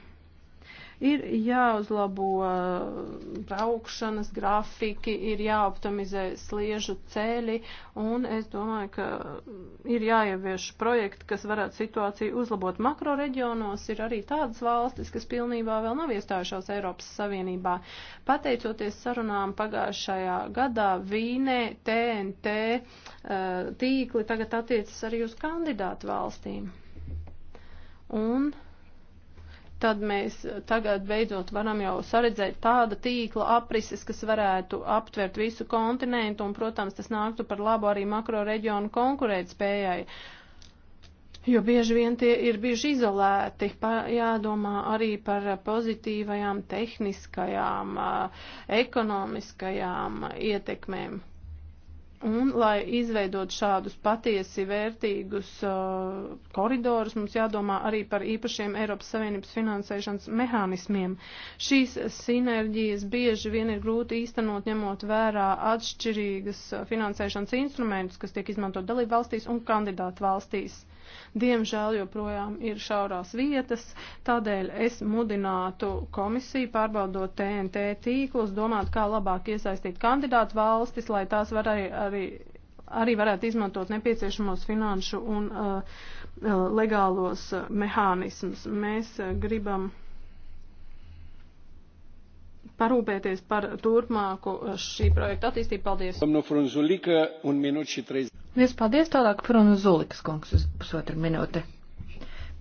Ir jāuzlabo uh, braukšanas grafiki, ir jāoptimizē sliežu ceļi, un es domāju, ka ir jāievieš projekti, kas varētu situāciju uzlabot. Makro reģionos ir arī tādas valstis, kas pilnībā vēl nav iestājušās Eiropas Savienībā. Pateicoties sarunām pagājušajā gadā Vīnē TNT uh, tīkli tagad attiecas arī uz kandidātu valstīm. Un tad mēs tagad beidzot varam jau saredzēt tāda tīkla aprises, kas varētu aptvert visu kontinentu, un, protams, tas nāktu par labu arī makro reģionu konkurētspējai. Jo bieži vien tie ir bieži izolēti, pa, jādomā arī par pozitīvajām, tehniskajām, ekonomiskajām ietekmēm. Un, lai izveidot šādus patiesi vērtīgus uh, koridorus, mums jādomā arī par īpašiem Eiropas Savienības finansēšanas mehānismiem. Šīs sinerģijas bieži vien ir grūti īstenot, ņemot vērā atšķirīgas uh, finansēšanas instrumentus, kas tiek izmantot dalību valstīs un kandidātu valstīs. Diemžēl joprojām ir šaurās vietas, tādēļ es mudinātu komisiju pārbaudot TNT tīklus, domāt, kā labāk iesaistīt kandidātu valstis, lai tās varēja pārstāvi arī varētu izmantot nepieciešamos finanšu un uh, uh legālos uh, mehānismus. Mēs uh, gribam parūpēties par turpmāku šī projekta attīstību. Paldies! Vies paldies tālāk Frunzulikas kungs uz pusotru minūti.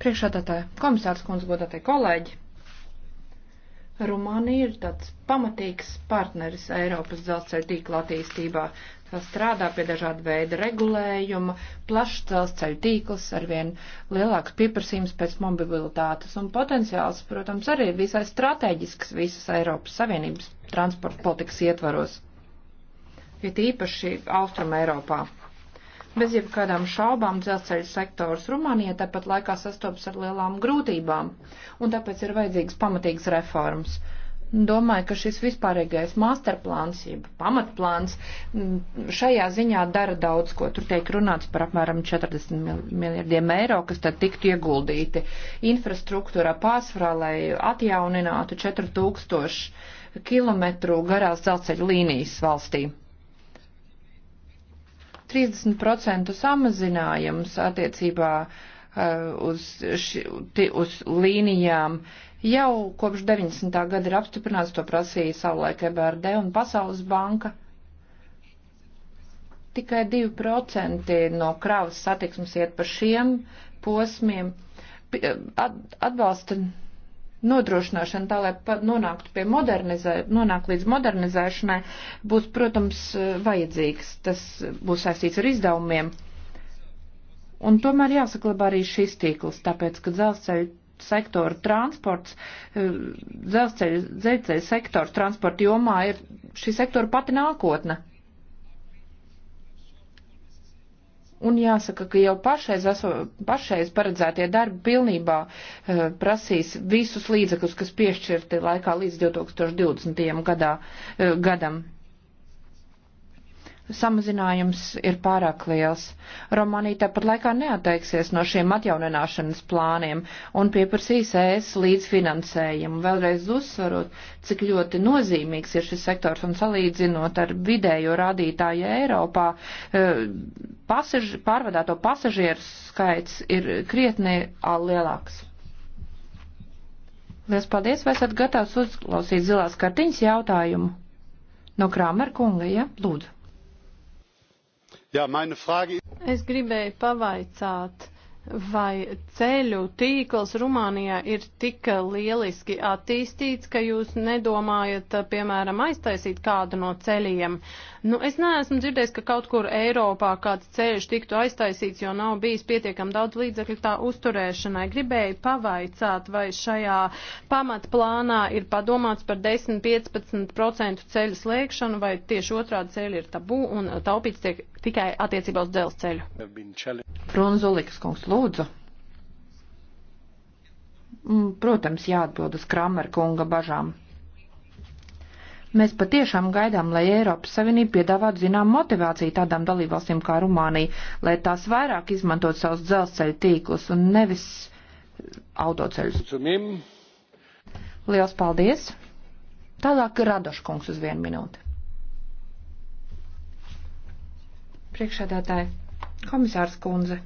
Priekšātātāja komisārs kungs godātai kolēģi. Rumānija ir tāds pamatīgs partneris Eiropas dzelzceļa tīkla attīstībā. Tā strādā pie dažāda veida regulējuma, plašs dzelzceļa tīkls, arvien lielāks pieprasījums pēc mobilitātes un potenciāls, protams, arī ir visai strateģisks visas Eiropas Savienības transporta politikas ietvaros. Ir ja tīpaši Austrum Eiropā. Bez jebkādām šaubām dzelzceļa sektors Rumānijā tāpat laikā sastopas ar lielām grūtībām, un tāpēc ir vajadzīgs pamatīgs reformas. Domāju, ka šis vispārīgais masterplāns, jeb pamatplāns, šajā ziņā dara daudz ko. Tur tiek runāts par apmēram 40 miljardiem eiro, kas tad tiktu ieguldīti infrastruktūrā pārsvarā, lai atjauninātu 4000 kilometru garās dzelceļu līnijas valstī. 30% samazinājums attiecībā eh, uz, ši, uz līnijām. Jau kopš 90. gada ir apstiprināts, to prasīja savulaik EBRD un Pasaules banka. Tikai 2% no kravas satiksmes iet pa šiem posmiem. Atbalsta nodrošināšana, tā lai nonāktu pie modernizē, nonāk līdz modernizēšanai, būs, protams, eh, vajadzīgs. Tas būs saistīts ar izdevumiem. Un tomēr jāsaklabā arī šis tīkls, tāpēc, ka dzelzceļu sektora transports, eh, dzelzceļu, dzelzceļu sektors transporta jomā ir šī sektora pati nākotne. Un jāsaka, ka jau pašreiz, eso, pašreiz paredzētie darbi pilnībā uh, prasīs visus līdzekļus, kas piešķirti laikā līdz 2020. Gadā, uh, gadam samazinājums ir pārāk liels. Romānija tāpat laikā neatteiksies no šiem atjaunināšanas plāniem un pieprasīs ES līdzfinansējumu, vēlreiz uzsvarot, cik ļoti nozīmīgs ir šis sektors un salīdzinot ar vidējo rādītāju Eiropā, eh, pasaž, pārvadāto pasažieru skaits ir krietni lielāks. Liels paldies, vai esat gatavs uzklausīt zilās kartiņas jautājumu? No Krāmer kunga, ja? Lūdzu. Es gribēju pavaicāt, Vai ceļu tīkls Rumānijā ir tik lieliski attīstīts, ka jūs nedomājat, piemēram, aiztaisīt kādu no ceļiem? Nu, es neesmu dzirdējis, ka kaut kur Eiropā kāds ceļš tiktu aiztaisīts, jo nav bijis pietiekam daudz līdzekļu tā uzturēšanai. Gribēju pavaicāt, vai šajā pamatplānā ir padomāts par 10-15% ceļu slēgšanu, vai tieši otrādi ceļi ir tabū un taupīts tiek tikai attiecībā uz dzelzceļu. Frunzulikas kungs, lūdzu lūdzu. Mm, protams, jāatbild uz Kramer kunga bažām. Mēs patiešām gaidām, lai Eiropas Savienība piedāvātu zinām motivāciju tādām dalībvalstīm kā Rumānija, lai tās vairāk izmantot savus dzelzceļa tīklus un nevis autoceļus. Liels paldies! Tālāk Radoškungs uz vienu minūti. Priekšādātāji, komisārs kundze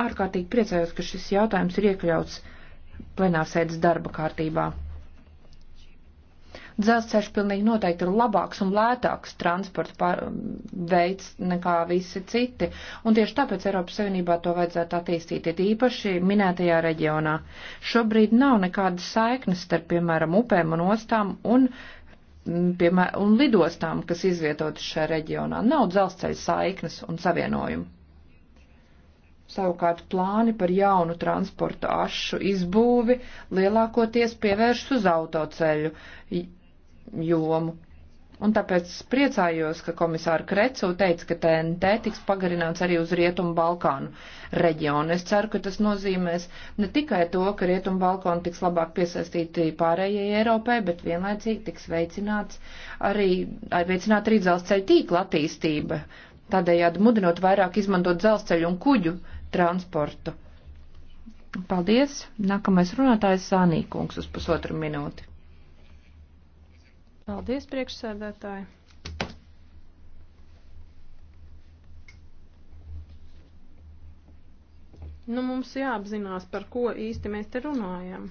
ārkārtīgi priecājos, ka šis jautājums ir iekļauts plenārsēdes darba kārtībā. Dzelzceļš pilnīgi noteikti ir labāks un lētāks transporta pār, um, veids nekā visi citi, un tieši tāpēc Eiropas Savienībā to vajadzētu attīstīt, ir īpaši minētajā reģionā. Šobrīd nav nekādas saiknes starp, piemēram, upēm un ostām un, mm, piemēram, un lidostām, kas izvietotas šajā reģionā. Nav dzelzceļa saiknes un savienojumu. Savukārt plāni par jaunu transporta ašu izbūvi lielākoties pievēršas uz autoceļu jomu. Un tāpēc priecājos, ka komisāra Krecu teica, ka TNT tiks pagarināts arī uz Rietumu Balkānu reģionu. Es ceru, ka tas nozīmēs ne tikai to, ka Rietumu Balkānu tiks labāk piesaistīti pārējai Eiropai, bet vienlaicīgi tiks veicināts arī, veicināt arī dzelzceļa tīkla attīstība, tādējādi mudinot vairāk izmantot dzelzceļu un kuģu transportu. Paldies. Nākamais runātājs Sānīkungs uz pusotru minūti. Paldies, priekšsēdētāji. Nu, mums jāapzinās, par ko īsti mēs te runājam.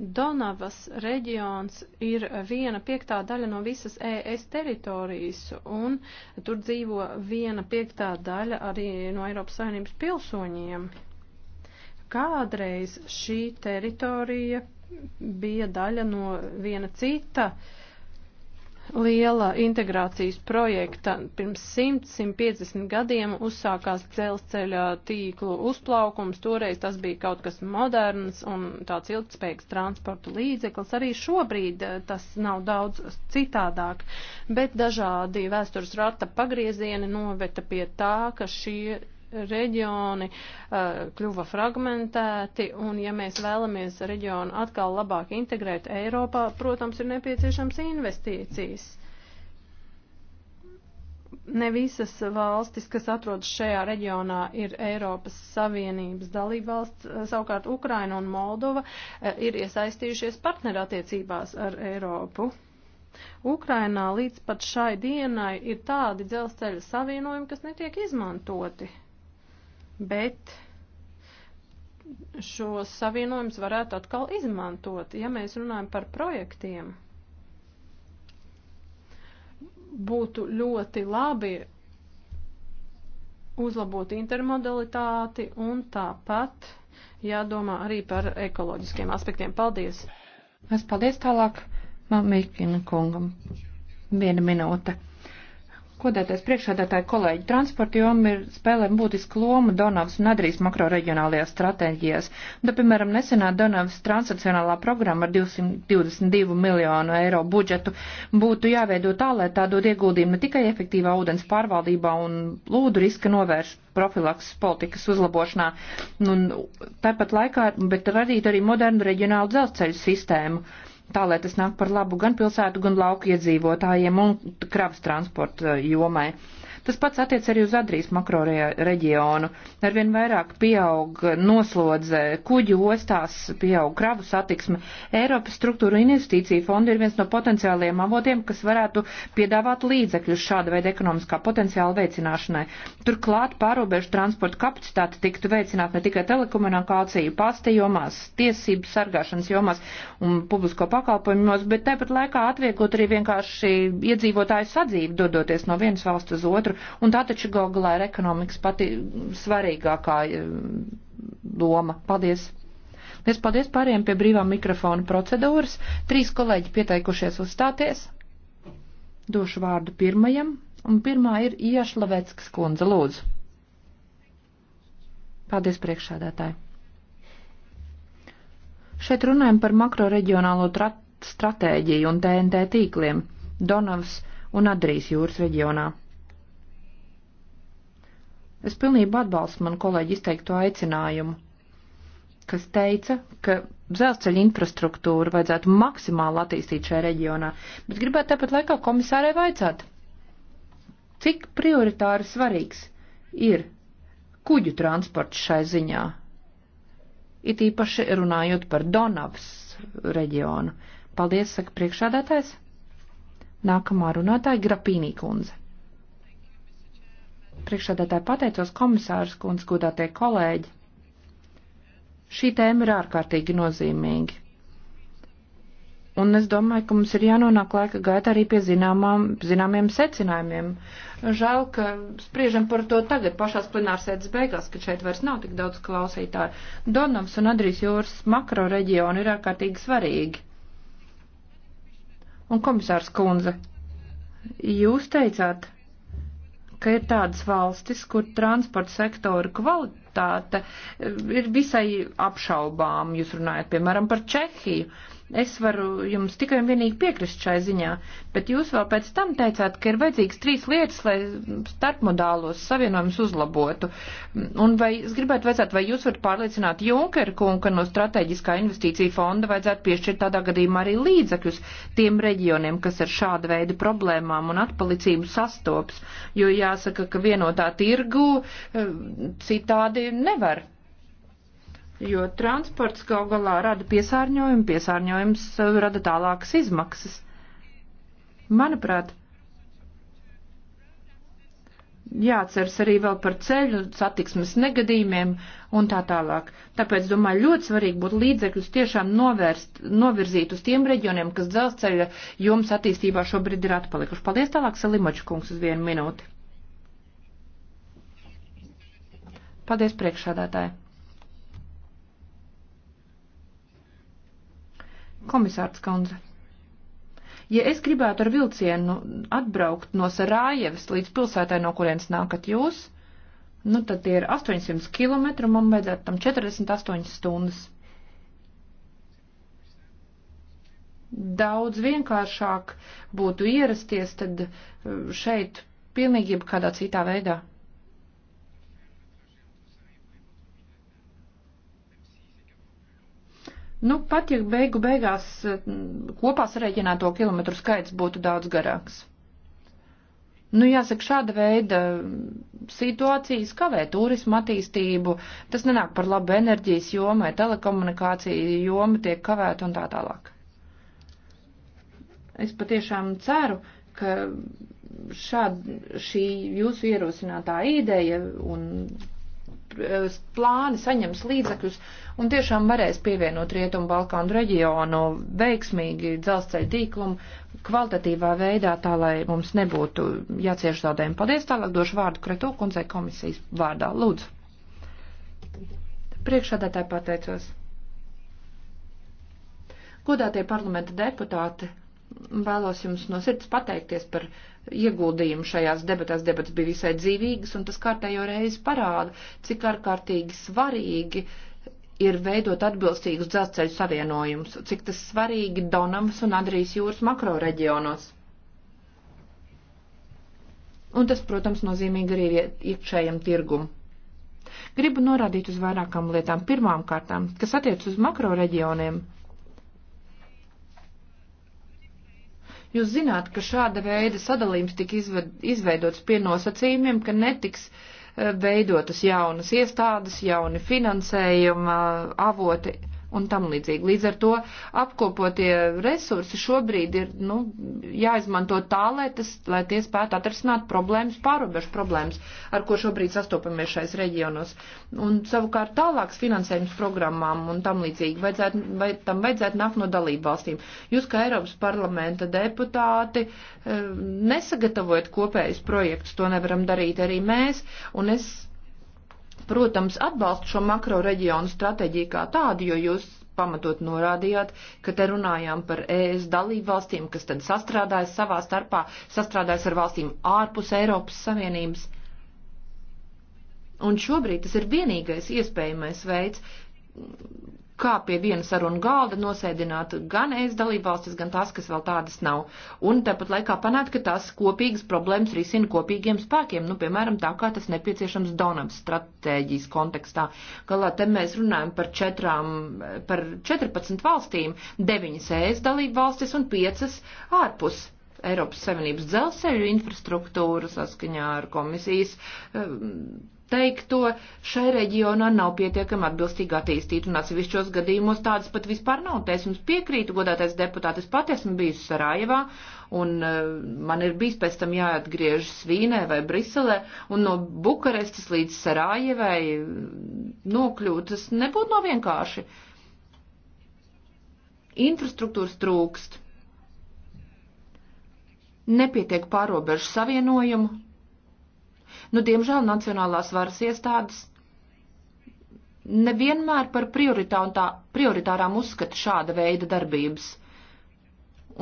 Donavas reģions ir viena piektā daļa no visas ES teritorijas, un tur dzīvo viena piektā daļa arī no Eiropas Savienības pilsoņiem. Kādreiz šī teritorija bija daļa no viena cita uh, liela integrācijas projekta pirms 100-150 gadiem uzsākās dzelzceļa tīklu uzplaukums. Toreiz tas bija kaut kas moderns un tāds ilgspējīgs transporta līdzeklis. Arī šobrīd eh, tas nav daudz citādāk, bet dažādi vēstures rata pagriezieni noveta pie tā, ka šie reģioni uh, kļuva fragmentēti, un ja mēs vēlamies reģionu atkal labāk integrēt Eiropā, protams, ir nepieciešams investīcijas. Ne visas valstis, kas atrodas šajā reģionā, ir Eiropas Savienības dalībvalsts, savukārt Ukraina un Moldova uh, ir iesaistījušies partnerattiecībās ar Eiropu. Ukrainā līdz pat šai dienai ir tādi dzelzceļa savienojumi, kas netiek izmantoti bet šos savienojumus varētu atkal izmantot, ja mēs runājam par projektiem. Būtu ļoti labi uzlabot intermodalitāti un tāpat jādomā arī par ekoloģiskiem aspektiem. Paldies! Es paldies tālāk Mamikina kungam. Viena minūte. Kodētais priekšādātāji kolēģi, transporta joma ir spēlēm būtisku lomu Donavas un Adrijas makroreģionālajās stratēģijās. Da, piemēram, nesenā Donavas transnacionālā programma ar 222 miljonu eiro budžetu būtu jāveido tā, lai tā dod ieguldījumu ne tikai efektīvā ūdens pārvaldībā un lūdu riska novērš profilaks politikas uzlabošanā, un tāpat laikā, bet radīt arī modernu reģionālu dzelzceļu sistēmu tā lai tas nāk par labu gan pilsētu, gan lauku iedzīvotājiem un kravas transporta eh, jomai. Tas pats attiec arī uz Adrijas makro reģionu. Arvien vairāk pieaug noslodze kuģu ostās, pieaug kravu satiksme. Eiropas struktūra investīcija fonda ir viens no potenciāliem avotiem, kas varētu piedāvāt līdzekļus šāda veida ekonomiskā potenciāla veicināšanai. Turklāt pārobežu transporta kapacitāte tiktu veicināt ne tikai telekomunikāciju, pasta jomās, tiesību sargāšanas jomās un publisko pakalpojumos, bet tāpat laikā atvieglot arī vienkārši iedzīvotāju sadzīvi, dodoties no vienas valsts uz otru otru, un tā taču gal galā ir ekonomikas pati svarīgākā loma. Eh, paldies! Mēs paldies pāriem pie brīvā mikrofona procedūras. Trīs kolēģi pieteikušies uzstāties. Došu vārdu pirmajam, un pirmā ir Iašlaveckas kundze, lūdzu. Paldies priekšādātāji. Šeit runājam par makroreģionālo stratēģiju un TNT tīkliem Donavas un Adrijas jūras reģionā. Es pilnībā atbalstu manu kolēģi izteikto aicinājumu, kas teica, ka dzelzceļa infrastruktūru vajadzētu maksimāli attīstīt šajā reģionā, bet gribētu tāpat laikā komisārai vaicāt, cik prioritāri svarīgs ir kuģu transports šai ziņā, it īpaši runājot par Donavas reģionu. Paldies, saka priekšādātājs. Nākamā runātāja Grapīnī kundze priekšādātāji pateicos komisārs kundz godātie kolēģi. Šī tēma ir ārkārtīgi nozīmīga. Un es domāju, ka mums ir jānonāk laika gaitā arī pie zināmām, zināmiem secinājumiem. Žēl, ka spriežam par to tagad pašās plenārsēdes beigās, ka šeit vairs nav tik daudz klausītāju. Donams un Adrijas jūras makro reģioni ir ārkārtīgi svarīgi. Un komisārs Kunze, jūs teicāt, ka ir tādas valstis, kur transporta sektora kvalitāte eh, ir visai apšaubām. Jūs runājat, piemēram, par Čehiju Es varu jums tikai un vienīgi piekrist šai ziņā, bet jūs vēl pēc tam teicāt, ka ir vajadzīgs trīs lietas, lai starpmodālos savienojums uzlabotu. Un vai es gribētu vajadzētu, vai jūs varat pārliecināt Junkeru kungu, ka no strateģiskā investīcija fonda vajadzētu piešķirt tādā gadījumā arī līdzekļus tiem reģioniem, kas ar šāda veida problēmām un atpalicību sastops, jo jāsaka, ka vienotā tirgu eh, citādi nevar jo transports kaut galā rada piesārņojumu, piesārņojums eh, rada tālākas izmaksas. Manuprāt, jāatceras arī vēl par ceļu satiksmes negadījumiem un tā tālāk. Tāpēc, domāju, ļoti svarīgi būtu līdzekļus tiešām novērst, novirzīt uz tiem reģioniem, kas dzelzceļa jums attīstībā šobrīd ir atpalikuši. Paldies tālāk, Salimoča kungs, uz vienu minūti. Paldies priekšādātāji. Komisārts Kondze. Ja es gribētu ar vilcienu atbraukt no Sarājevas līdz pilsētai, no kurienes nākat jūs, nu tad tie ir 800 km, man vajadzētu tam 48 stundas. Daudz vienkāršāk būtu ierasties tad eh, šeit pilnīgi jebkādā citā veidā. Nu, pat ja beigu beigās eh, kopā sarēķināto kilometru skaits būtu daudz garāks. Nu, jāsaka, šāda veida situācijas kavē turismu attīstību, tas nenāk par labu enerģijas jomai, telekomunikācija joma tiek kavēta un tā tālāk. Es patiešām ceru, ka šāda šī jūsu ierosinātā ideja un Eh, plāni saņems līdzekļus un tiešām varēs pievienot Rietumu Balkānu reģionu veiksmīgi dzelzceļa tīklumu kvalitatīvā veidā, tā lai mums nebūtu jācieš zaudējumi. Paldies, tālāk došu vārdu Kretu kundzei komisijas vārdā. Lūdzu. Priekšādātāji pateicos. Godātie parlamenta deputāti, vēlos jums no sirds pateikties par ieguldījumu šajās debatās. Debatas bija visai dzīvīgas, un tas kārtējo reizi parāda, cik ārkārtīgi svarīgi ir veidot atbilstīgus dzelzceļu savienojumus, cik tas svarīgi Donavas un Adrijas jūras makro reģionos. Un tas, protams, nozīmīgi arī iekšējam tirgum. Gribu norādīt uz vairākām lietām. Pirmām kārtām, kas attiec uz makro reģioniem, Jūs zināt, ka šāda veida sadalījums tika izveidots pie nosacījumiem, ka netiks eh, veidotas jaunas iestādes, jauni finansējuma avoti un tam līdzīgi. Līdz ar to apkopotie resursi šobrīd ir nu, jāizmanto tā, lai, tas, lai tie spētu atrisināt problēmas, pārobežu problēmas, ar ko šobrīd sastopamies šais reģionos. Un savukārt tālāks finansējums programmām un tam līdzīgi vajadzētu, vai, tam vajadzētu nākt no dalību valstīm. Jūs kā Eiropas parlamenta deputāti eh, nesagatavojat kopējus projektus, to nevaram darīt arī mēs. Un es protams, atbalstu šo makro reģionu stratēģiju kā tādu, jo jūs pamatot norādījāt, ka te runājām par ES dalību valstīm, kas tad sastrādājas savā starpā, sastrādājas ar valstīm ārpus Eiropas Savienības. Un šobrīd tas ir vienīgais iespējamais veids, kā pie viena saruna galda nosēdināt gan es dalībvalstis, gan tās, kas vēl tādas nav. Un tāpat laikā panākt, ka tās kopīgas problēmas risina kopīgiem spēkiem, nu, piemēram, tā kā tas nepieciešams Donavas stratēģijas kontekstā. Galā te mēs runājam par, četrām, par 14 valstīm, 9 ES dalībvalstis un 5 ārpus. Eiropas Savienības dzelzceļu infrastruktūru saskaņā ar komisijas um, teikto šai reģionā nav pietiekami atbilstīgi attīstīta, un atsevišķos gadījumos tādas pat vispār nav. Es jums piekrītu, godātais deputātis, pat esmu bijusi Sarajevā, un uh, man ir bijis pēc tam jāatgriežas Vīnē vai Briselē, un no Bukarestas līdz Sarajevai mm, nokļūt, tas nebūtu nav vienkārši. Infrastruktūras trūkst. Nepietiek pārobežu savienojumu Nu, diemžēl nacionālās varas iestādes nevienmēr par prioritārām uzskata šāda veida darbības.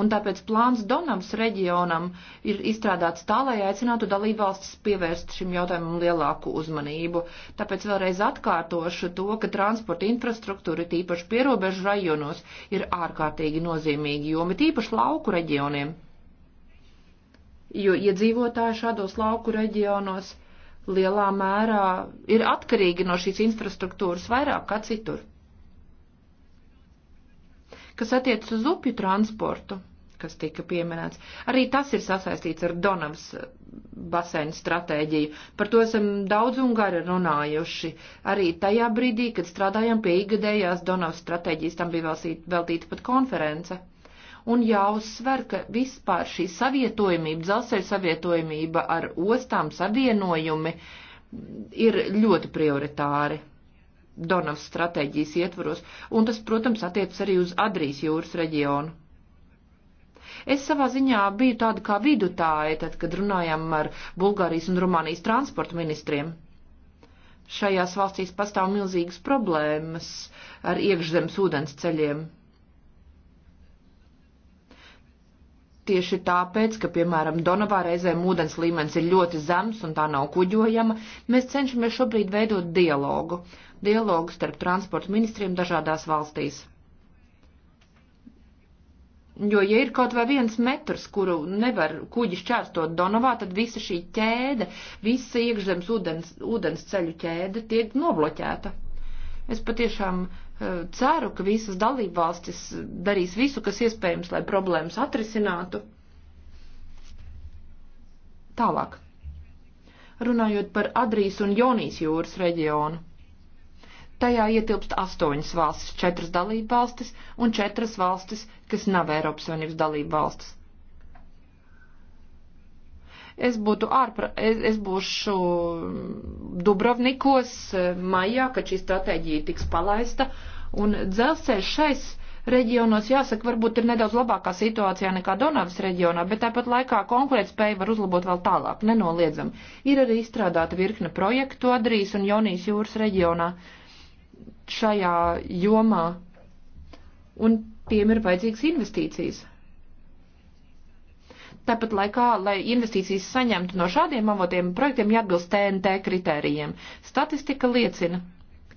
Un tāpēc plāns Donams reģionam ir izstrādāts tā, lai aicinātu dalībvalstis pievērst šim jautājumam lielāku uzmanību. Tāpēc vēlreiz atkārtošu to, ka transporta infrastruktūra, tīpaši pierobežu rajonos, ir ārkārtīgi nozīmīga, jo, bet īpaši lauku reģioniem jo iedzīvotāji šādos lauku reģionos lielā mērā ir atkarīgi no šīs infrastruktūras vairāk kā citur. Kas attiec uz upju transportu, kas tika pieminēts, arī tas ir sasaistīts ar Donavas eh, basēnu stratēģiju. Par to esam daudz un gari runājuši. Arī tajā brīdī, kad strādājam pie igadējās Donavas stratēģijas, tam bija veltīta pat konference un jāuzsver, ka vispār šī savietojamība, dzelzceļa savietojamība ar ostām savienojumi ir ļoti prioritāri. Donavas stratēģijas ietvaros, un tas, protams, attiecas arī uz Adrijas jūras reģionu. Es savā ziņā biju tāda kā vidutāja, tad, kad runājām ar Bulgārijas un Rumānijas transporta ministriem. Šajās valstīs pastāv milzīgas problēmas ar iekšzemes ūdens ceļiem. tieši tāpēc, ka, piemēram, Donavā reizēm ūdens līmenis ir ļoti zems un tā nav kuģojama, mēs cenšamies šobrīd veidot dialogu. Dialogu starp transporta ministriem dažādās valstīs. Jo, ja ir kaut vai viens metrs, kuru nevar kuģis čērstot Donavā, tad visa šī ķēde, visa iekšzemes ūdens, ūdens ceļu ķēde tiek nobloķēta. Es patiešām Eh, ceru, ka visas dalībvalstis darīs visu, kas iespējams, lai problēmas atrisinātu. Tālāk. Runājot par Adrijas un Jonijas jūras reģionu. Tajā ietilpst astoņas valstis, četras dalībvalstis un četras valstis, kas nav Eiropas Savienības dalībvalstis. Es būtu ārpra, es, es būšu Dubrovnikos maijā, kad šī stratēģija tiks palaista, un dzelzceļš šais reģionos, jāsaka, varbūt ir nedaudz labākā situācijā nekā Donavas reģionā, bet tāpat laikā konkurētspēju var uzlabot vēl tālāk, nenoliedzam. Ir arī izstrādāta virkne projektu Adrijas un Jonijas jūras reģionā šajā jomā, un tiem ir vajadzīgas investīcijas. Tāpat laikā, lai investīcijas saņemtu no šādiem avotiem, projektiem jāatbilst TNT kritērijiem. Statistika liecina,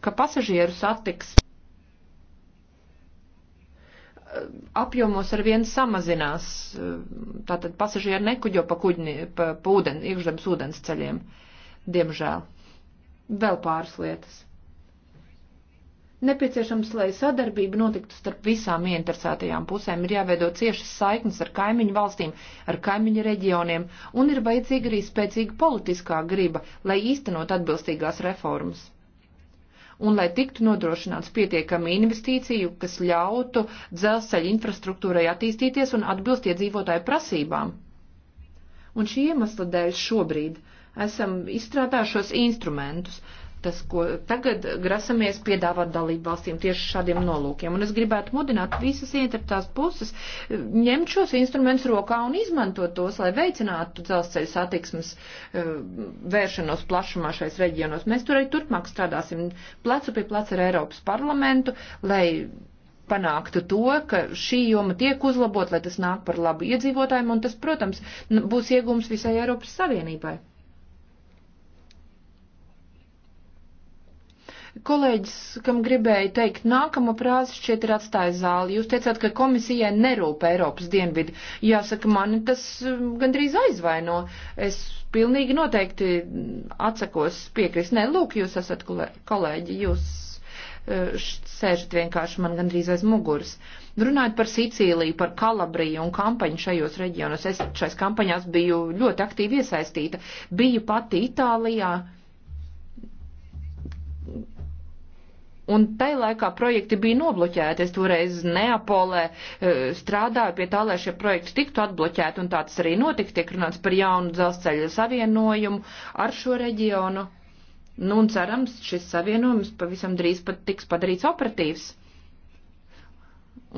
ka pasažieru satiks eh, apjomos ar vienu samazinās. Eh, tātad pasažieri nekuģo pa, kuģni, pa, pa ūden, iekšzemes ūdens ceļiem, diemžēl. Vēl pāris lietas. Nepieciešams, lai sadarbība notiktu starp visām ieinteresētajām pusēm, ir jāveido ciešas saiknes ar kaimiņu valstīm, ar kaimiņu reģioniem, un ir vajadzīga arī spēcīga politiskā griba, lai īstenot atbilstīgās reformas. Un lai tiktu nodrošināts pietiekami investīciju, kas ļautu dzelzceļa infrastruktūrai attīstīties un atbilst iedzīvotāju prasībām. Un šī iemesla dēļ šobrīd esam izstrādājušos instrumentus, tas, ko tagad grasamies piedāvāt dalību valstīm tieši šādiem nolūkiem. Un es gribētu mudināt visas ieinteresētās puses eh, ņemt šos instrumentus rokā un izmantot tos, lai veicinātu dzelzceļa satiksmes eh, vēršanos plašumā šais reģionos. Mēs tur arī turpmāk strādāsim plecu pie pleca ar Eiropas parlamentu, lai panāktu to, ka šī joma tiek uzlabot, lai tas nāk par labu iedzīvotājiem, un tas, protams, būs iegums visai Eiropas Savienībai. Kolēģis, kam gribēju teikt, nākamo prāzi šķiet ir atstājis zāli. Jūs teicāt, ka komisijai nerūp Eiropas dienvidi. Jāsaka, mani tas um, gandrīz aizvaino. Es pilnīgi noteikti atsakos piekrist. Nē, lūk, jūs esat kolēģi, jūs uh, sēžat vienkārši man gandrīz aiz muguras. Runājot par Sīcīliju, par Kalabriju un kampaņu šajos reģionos, es šais kampaņās biju ļoti aktīvi iesaistīta. Biju pati Itālijā Un tai laikā projekti bija nobloķēti. Es toreiz Neapolē e, strādāju pie tā, lai šie projekti tiktu atbloķēti, un tā tas arī notika. Tiek runāts par jaunu dzelzceļa savienojumu ar šo reģionu. Nu, un cerams, šis savienojums pavisam drīz pat tiks padarīts operatīvs.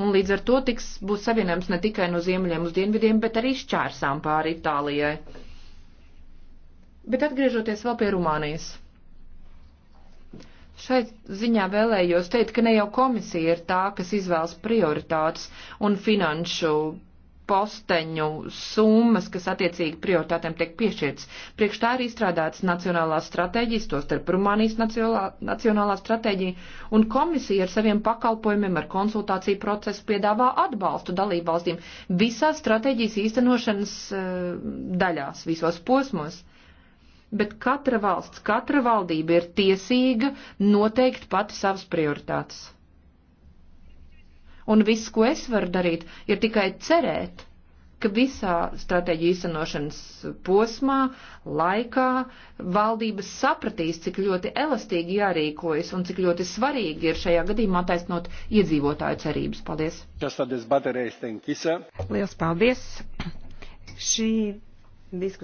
Un līdz ar to tiks, būs savienojums ne tikai no ziemeļiem uz dienvidiem, bet arī šķērsām pāri Itālijai. Bet atgriežoties vēl pie Rumānijas. Šai ziņā vēlējos teikt, ka ne jau komisija ir tā, kas izvēlas prioritātes un finanšu posteņu summas, kas attiecīgi prioritātēm tiek piešķirtas. Priekš tā ir izstrādāts nacionālās stratēģijas, tos starp Rumānijas nacionālā, nacionālā stratēģija, un komisija ar saviem pakalpojumiem, ar konsultāciju procesu piedāvā atbalstu dalībvalstīm visās stratēģijas īstenošanas uh, daļās, visos posmos bet katra valsts, katra valdība ir tiesīga noteikt pati savas prioritātes. Un viss, ko es varu darīt, ir tikai cerēt, ka visā stratēģija īstenošanas posmā, laikā valdības sapratīs, cik ļoti elastīgi jārīkojas un cik ļoti svarīgi ir šajā gadījumā taisnot iedzīvotāju cerības. Paldies! Liels paldies! Šī diskusija.